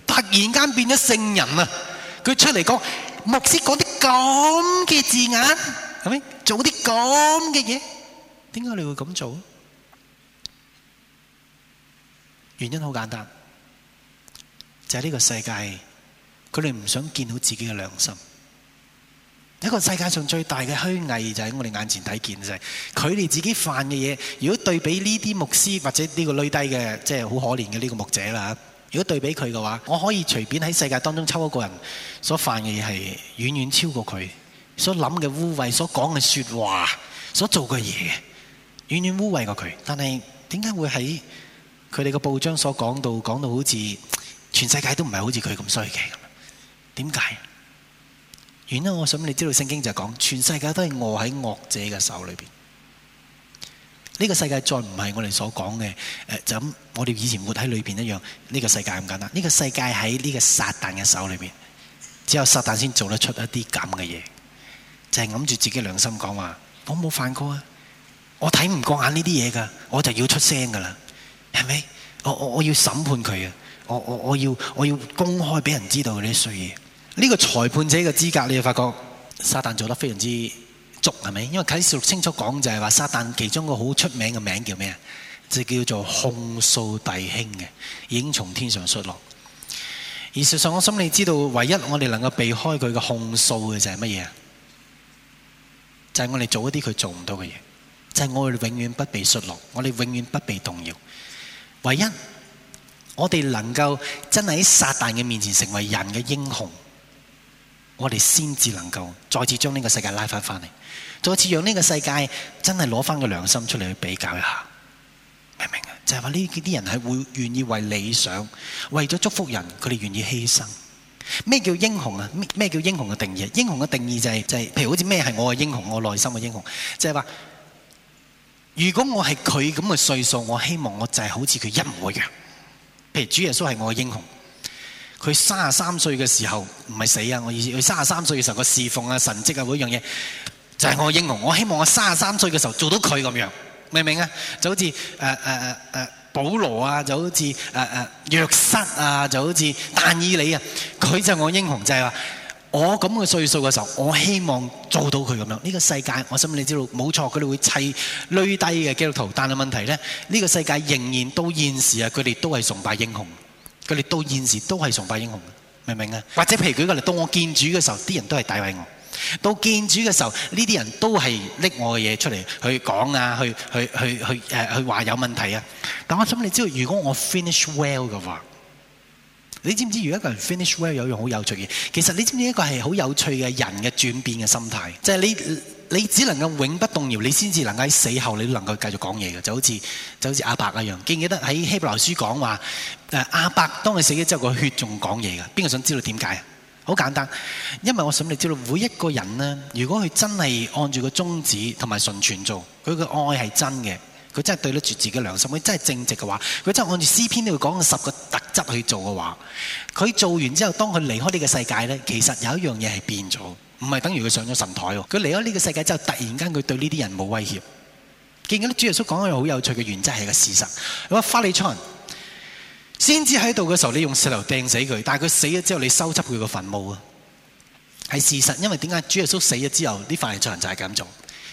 突然間變咗聖人啊！佢出嚟講，牧師講啲咁嘅字眼，係咪做啲咁嘅嘢？點解你會咁做？原因好簡單，就係呢個世界，佢哋唔想見到自己嘅良心。一個世界上最大嘅虛偽就喺我哋眼前睇見啫。佢哋自己犯嘅嘢，如果對比呢啲牧師或者呢個女低嘅，即係好可憐嘅呢個牧者啦。如果對比佢嘅話，我可以隨便喺世界當中抽一個人所犯嘅嘢，係遠遠超過佢所諗嘅污穢、所講嘅説話、所做嘅嘢，遠遠污穢過佢。但係點解會喺佢哋嘅報章所講到講到好似全世界都唔係好似佢咁衰嘅？點解？原因，我想你知道聖經就係講全世界都係餓喺惡者嘅手裏邊。呢個世界再唔係我哋所講嘅、呃，就咁，我哋以前活喺裏邊一樣。呢個世界咁簡單，呢個世界喺呢個撒旦嘅手裏邊，只有撒旦先做得出一啲咁嘅嘢，就係揞住自己良心講話，我冇犯過啊，我睇唔過眼呢啲嘢㗎，我就要出聲㗎啦，係咪？我我我要審判佢啊，我我我要我要公開俾人知道呢啲衰嘢。呢、這個裁判者嘅資格，你就發覺撒旦做得非常之足，係咪？因為啟示錄清楚講就係話撒旦其中一個好出名嘅名叫咩？就叫做控訴弟兄嘅，已經從天上摔落。而事實上，我心裏知道，唯一我哋能夠避開佢嘅控訴嘅就係乜嘢？就係、是、我哋做一啲佢做唔到嘅嘢，就係、是、我哋永遠不被摔落，我哋永遠不被動搖。唯一我哋能夠真喺撒旦嘅面前成為人嘅英雄。我哋先至能夠再次將呢個世界拉返返嚟，再次讓呢個世界真係攞返個良心出嚟去比較一下明白嗎，明唔明啊？就係話呢啲人係會願意為理想、為咗祝福人，佢哋願意犧牲。咩叫英雄啊？咩叫英雄嘅定義？英雄嘅定義就係就係，譬如好似咩係我嘅英雄，我內心嘅英雄，就係話，如果我係佢咁嘅歲數，我希望我就係好似佢一樣。譬如主耶穌係我嘅英雄。佢三十三歲嘅時候唔係死啊！我意思，佢三十三歲嘅時候個侍奉啊、神蹟啊嗰樣嘢，就係、是、我英雄。我希望我三十三歲嘅時候做到佢咁樣，明唔明、呃呃呃、啊？就好似誒誒誒誒保羅啊，就好似誒誒約瑟啊，就好似但以理啊，佢就係我英雄，就係、是、話我咁嘅歲數嘅時候，我希望做到佢咁樣。呢、這個世界，我相信，信你知道，冇錯，佢哋會砌堆低嘅基督徒，但係問題咧，呢、這個世界仍然到現時啊，佢哋都係崇拜英雄。佢哋到現時都係崇拜英雄嘅，明唔明啊？或者譬如舉個例，到我見主嘅時候，啲人都係詆毀我；到見主嘅時候，呢啲人都係拎我嘅嘢出嚟去講啊，去去去去誒，去話有問題啊！但係我諗，你知道，如果我 finish well 嘅話，你知唔知？如果一個人 finish well，有樣好有趣嘅，其實你知唔知？一個係好有趣嘅人嘅轉變嘅心態，就係你你只能夠永不動搖，你先至能夠喺死後你都能夠繼續講嘢嘅，就好似就好似阿伯一樣。記唔記得喺希伯來書講話？阿伯當佢死咗之後，個血仲講嘢㗎，邊個想知道點解啊？好簡單，因為我想你知道，每一個人呢，如果佢真係按住個宗旨同埋純全做，佢嘅愛係真嘅，佢真係對得住自己良心，佢真係正直嘅話，佢真係按住詩篇裏講嘅十個特質去做嘅話，佢做完之後，當佢離開呢個世界呢，其實有一樣嘢係變咗，唔係等於佢上咗神台喎。佢離開呢個世界之後，突然間佢對呢啲人冇威脅。見唔見到主耶穌講嘅好有趣嘅原則係一個事實？他說，先知喺度嘅時候，你用石頭掟死佢，但係佢死咗之後，你修葺佢個墳墓啊，係事實。因為點解主耶穌死咗之後，啲法利賽人就係咁做。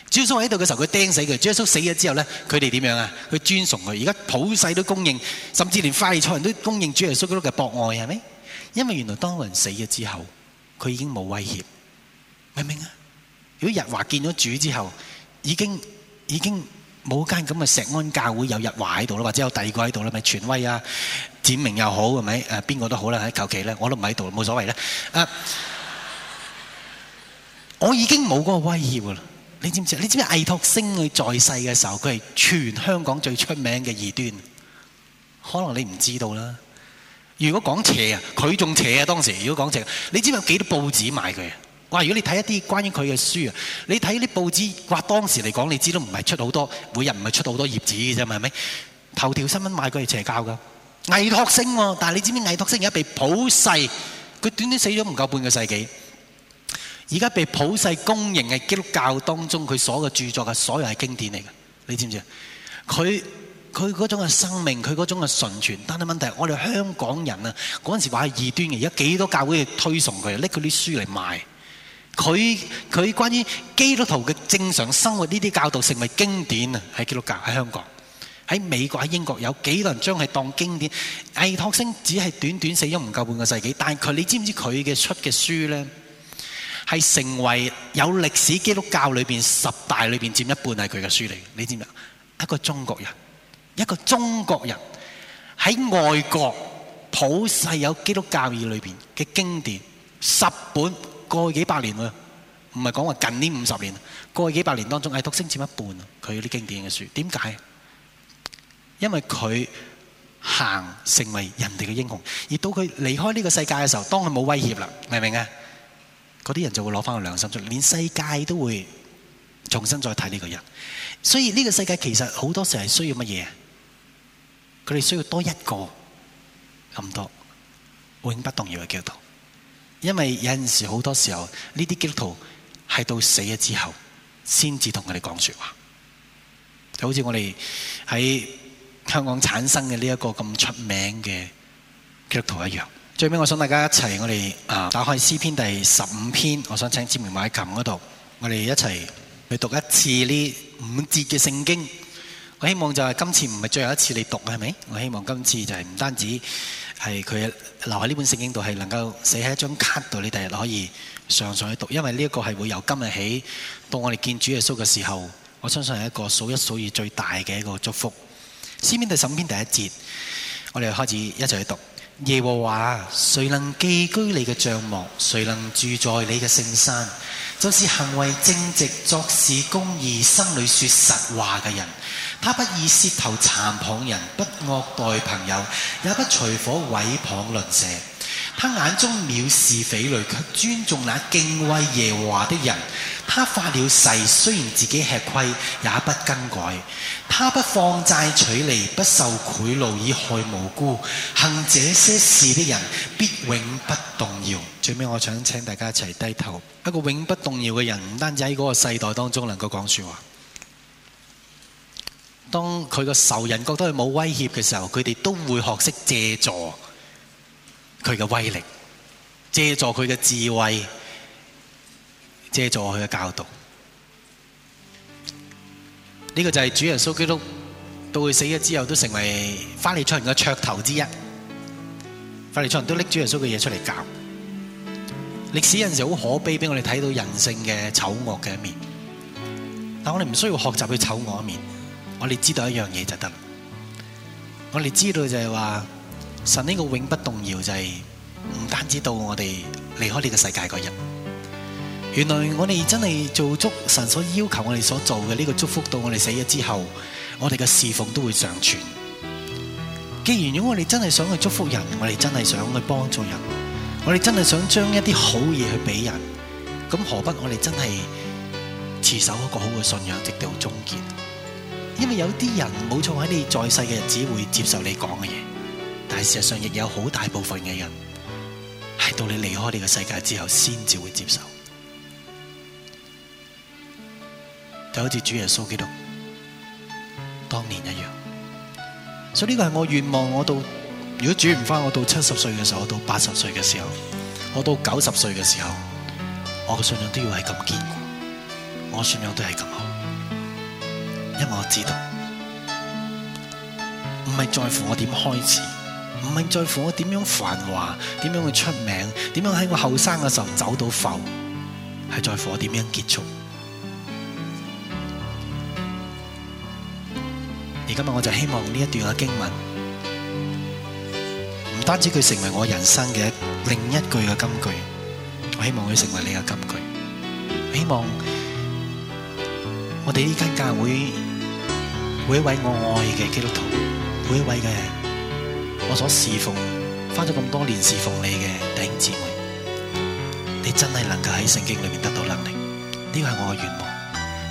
主耶穌喺度嘅時候，佢釘死佢；主耶穌死咗之後咧，佢哋點樣啊？佢尊崇佢。而家普世都公認，甚至連法利賽人都公認主耶穌嘅博愛係咪？因為原來當人死咗之後，佢已經冇威脅，明唔明啊？如果日華見咗主之後，已經已經。冇間咁嘅石安教會有日華喺度啦，或者有第二個喺度啦，咪權威啊、展明又好，係咪？誒，邊個都好啦，係求其啦，我都唔喺度，冇所謂啦。Uh, 我已經冇嗰個威脅啦。你知唔知？你知唔知？藝托星佢在世嘅時候，佢係全香港最出名嘅異端。可能你唔知道啦。如果講邪啊，佢仲邪啊，當時邪。如果講邪，你知唔知有幾多報紙買佢啊？哇！如果你睇一啲關於佢嘅書啊，你睇啲報紙，話，當時嚟講，你知都唔係出好多，每日唔係出好多頁紙嘅啫，係咪？頭條新聞賣佢係邪教噶，倪柝聲，啊，但係你知唔知倪柝聲而家被普世，佢短短死咗唔夠半個世紀，而家被普世公認係基督教當中佢所嘅著作嘅所有係經典嚟嘅，你知唔知？佢佢嗰種嘅生命，佢嗰種嘅純全，但係問題係，我哋香港人啊，嗰陣時話係異端嘅，而家幾多教會嚟推崇佢，拎佢啲書嚟賣。佢佢關於基督徒嘅正常生活呢啲教導，成為經典啊！喺基督教喺香港、喺美國、喺英國，有幾多人將係當經典？倪柝聲只係短短死咗唔夠半個世紀，但係佢，你知唔知佢嘅出嘅書呢？係成為有歷史基督教裏面十大裏邊佔一半係佢嘅書嚟？你知唔知道？一個中國人，一個中國人喺外國普世有基督教義裏面嘅經典十本。過去幾百年喎，唔係講話近呢五十年，過去幾百年當中，艾督升佔一半啊。佢啲經典嘅書，點解？因為佢行成為人哋嘅英雄，而到佢離開呢個世界嘅時候，當佢冇威脅啦，明唔明啊？嗰啲人就會攞翻個良心出嚟，連世界都會重新再睇呢個人。所以呢個世界其實好多時係需要乜嘢？佢哋需要多一個咁多永不動搖嘅教導。因為有陣時好多時候呢啲基督徒係到死咗之後，先至同佢哋講說話，就好似我哋喺香港產生嘅呢一個咁出名嘅基督徒一樣。最尾我想大家一齊，我哋啊，打開詩篇第十五篇，我想請志明埋琴嗰度，我哋一齊去讀一次呢五節嘅聖經。我希望就係今次唔係最後一次嚟讀，係咪？我希望今次就係唔單止。係佢留喺呢本聖經度，係能夠寫喺一張卡度，你第日可以常常去讀。因為呢一個係會由今日起到我哋見主耶穌嘅時候，我相信係一個數一數二最大嘅一個祝福。詩篇第十五篇第一節，我哋開始一齊去讀。耶和華，誰能寄居你嘅帳幕？誰能住在你嘅聖山？就是行為正直、作事公義、心裏說實話嘅人。他不以舌頭讒謗人，不惡待朋友，也不隨夥毀謗鄰舍。他眼中藐視匪類，却尊重那敬畏耶和華的人。他發了誓，雖然自己吃虧，也不更改。他不放債取利，不受賄賂以害無辜。行這些事的人，必永不動搖。最尾，我想請大家一齊低頭。一個永不動搖嘅人，唔單止喺嗰個世代當中能夠講說話。當佢個仇人覺得佢冇威脅嘅時候，佢哋都會學識借助佢嘅威力，借助佢嘅智慧，借助佢嘅教導。呢、這個就係主耶穌基督到佢死咗之後，都成為法利賽人嘅噱頭之一。法利賽人都拎主耶穌嘅嘢出嚟搞。歷史有陣時好可悲，俾我哋睇到人性嘅醜惡嘅一面。但我哋唔需要學習佢醜惡一面。我哋知道一樣嘢就得啦。我哋知道就係話神呢個永不動搖，就係唔單止到我哋離開呢個世界嗰日。原來我哋真係做足神所要求我哋所做嘅呢個祝福，到我哋死咗之後，我哋嘅侍奉都會長存。既然如果我哋真係想去祝福人，我哋真係想去幫助人，我哋真係想，想，想將一啲好嘢去俾人，咁何不我哋真係持守一個好嘅信仰直到終結？因為有啲人冇錯喺你在世嘅日子會接受你講嘅嘢，但係事實上亦有好大部分嘅人係到你離開呢個世界之後先至會接受，就好似主耶穌基督當年一樣。所以呢個係我願望，我到如果轉唔翻，我到七十歲嘅時候，我到八十歲嘅時候，我到九十歲嘅時候，我嘅信仰都要係咁堅固，我信仰都係咁好。因為我知道，唔係在乎我點開始，唔係在乎我點樣繁華，點樣去出名，點樣喺我後生嘅時候走到埠，係在乎我點樣結束。而今日我就希望呢一段嘅經文，唔單止佢成為我人生嘅另一句嘅金句，我希望佢成為你嘅金句。我希望我哋呢間教會。每一位我愛嘅基督徒，每一位嘅我所侍奉翻咗咁多年侍奉你嘅弟兄姊妹，你真係能夠喺聖經裏邊得到能力，呢個係我嘅願望。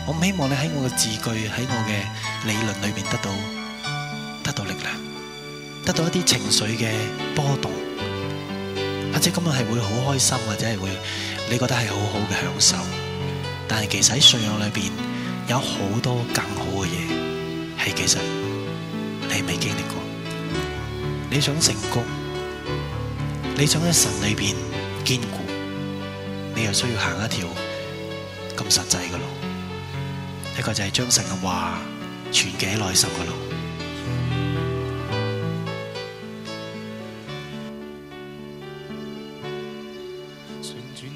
我唔希望你喺我嘅字句，喺我嘅理論裏邊得到得到力量，得到一啲情緒嘅波動，或者今日係會好開心或者係會，你覺得係好好嘅享受。但係其實喺信仰裏邊有好多更好嘅嘢。其實你未經歷過，你想成功，你想喺神裏邊堅固，你又需要行一條咁實際嘅路，一個就係將神嘅話存記喺內心嘅路。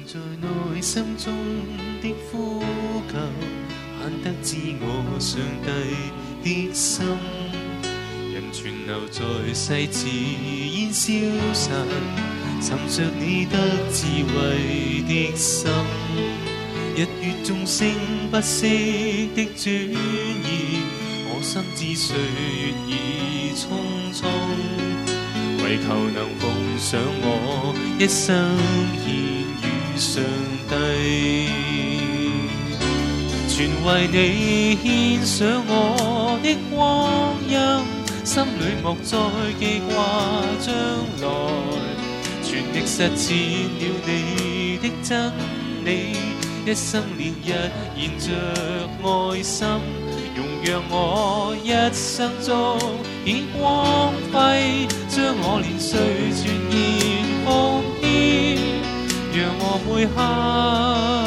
在內心，純純在心中的呼求，盼得自我上帝。人全留在世，似煙消散。尋着你得智慧的心，日月眾星不息的轉移，我心知歲月已匆匆，為求能奉上我一生獻與上帝。全為你獻上我的光陰，心裏莫再記掛將來，全力實踐了你的真理，一生連日燃着愛心，容讓我一生彰顯光輝，將我年歲全然奉獻，讓我每刻。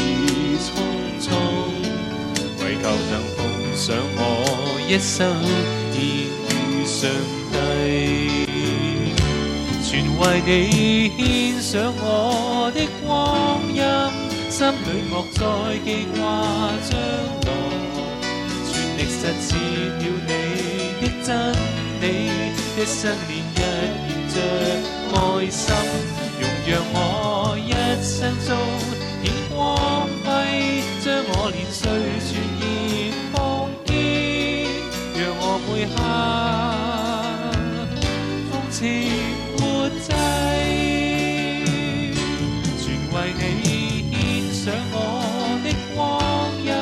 求能奉上我一生獻與上帝，全為你獻上我的光陰，心裏莫再記掛將來，全力實踐了你的真理，一生念一現着愛心，容讓我一生中獻光輝，將我年歲轉。下風情活際全為你獻上我的光陰，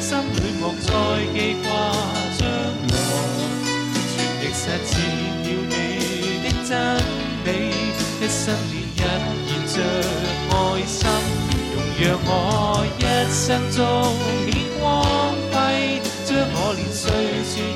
心裏莫再記掛將來。全力實踐了你的真理，一生年日燃着愛心，容讓我一生中顯光輝，將我連歲數。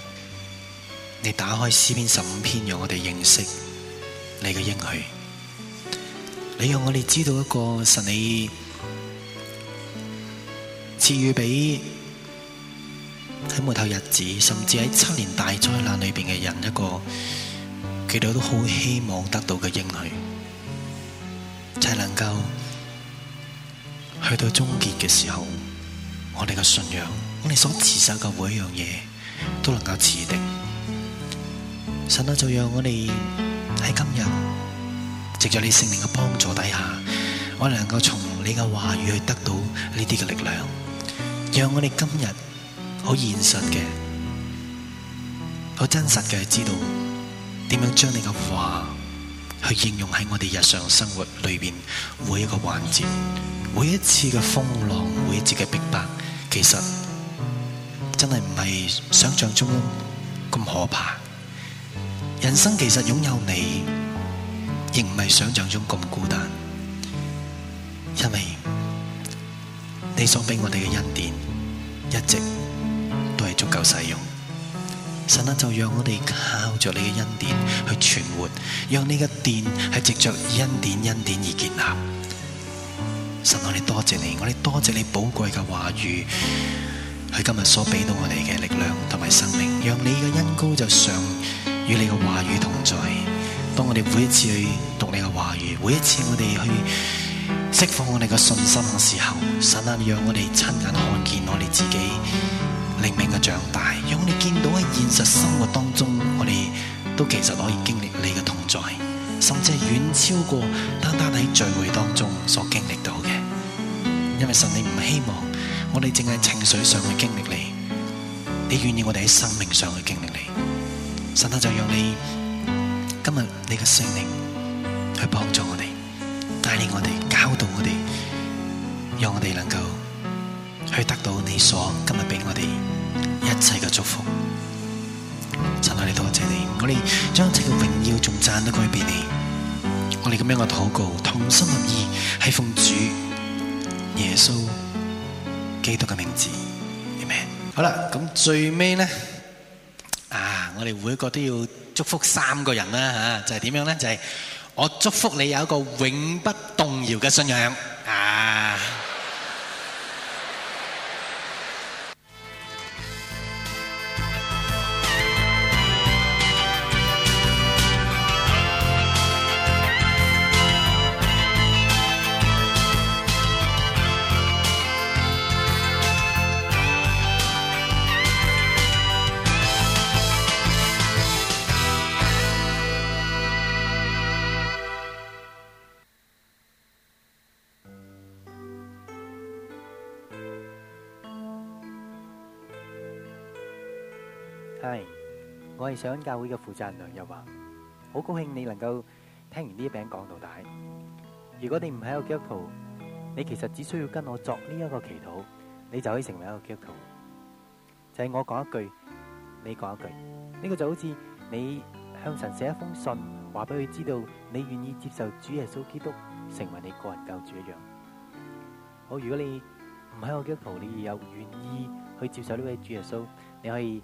你打開詩篇十五篇，讓我哋認識你嘅應許。你讓我哋知道一個神你賜予畀喺末頭日子，甚至喺七年大災難裏面嘅人一個，佢哋都好希望得到嘅應許，才能夠去到終結嘅時候，我哋嘅信仰，我哋所持守嘅每一樣嘢，都能夠持定。神啊，就讓我哋喺今日，藉著你聖靈嘅幫助底下，我能夠從你嘅話語去得到呢啲嘅力量，讓我哋今日好現實嘅、好真實嘅知道，點樣將你嘅話去應用喺我哋日常生活裏邊每一個環節，每一次嘅風浪、每一次嘅逼迫，其實真係唔係想象中咁可怕。人生其實擁有你，亦唔係想象中咁孤單，因為你所俾我哋嘅恩典，一直都係足夠使用。神就讓我哋靠着你嘅恩典去存活，讓你嘅電係藉着恩典、恩典而建立。神，我哋多謝你，我哋多謝你寶貴嘅話語，佢今日所俾到我哋嘅力量同埋生命，讓你嘅恩膏就上。與你嘅話語同在，當我哋每一次去讀你嘅話語，每一次我哋去釋放我哋嘅信心嘅時候，神啊，讓我哋親眼看見我哋自己靈命嘅長大，讓我哋見到喺現實生活當中，我哋都其實可以經歷你嘅同在，甚至係遠超過單單喺聚會當中所經歷到嘅。因為神你唔希望我哋淨係情緒上會經歷你，你願意我哋喺生命上會經歷你。神啊，就用你今日你嘅聖靈去幫助我哋，帶領我哋，教導我哋，讓我哋能夠去得到你所今日畀我哋一切嘅祝福。神啊，你多謝你，我哋將一切嘅榮耀仲讚，都歸俾你。我哋咁樣嘅禱告，同心合意，係奉主耶穌基督嘅名字，Amen。好啦，咁最尾咧。我哋每個都要祝福三個人啦，就係點樣呢？就係我祝福你有一個永不動搖嘅信仰。我係上恩教會嘅負責人，梁又華。好高興你能夠聽完呢一篇講道大。如果你唔喺個基督徒，你其實只需要跟我作呢一個祈禱，你就可以成為一個基督徒。就係我講一句，你講一句，呢個就好似你向神寫一封信，話俾佢知道你願意接受主耶穌基督成為你個人救主一樣。好，如果你唔喺個基督徒，你又願意去接受呢位主耶穌，你可以。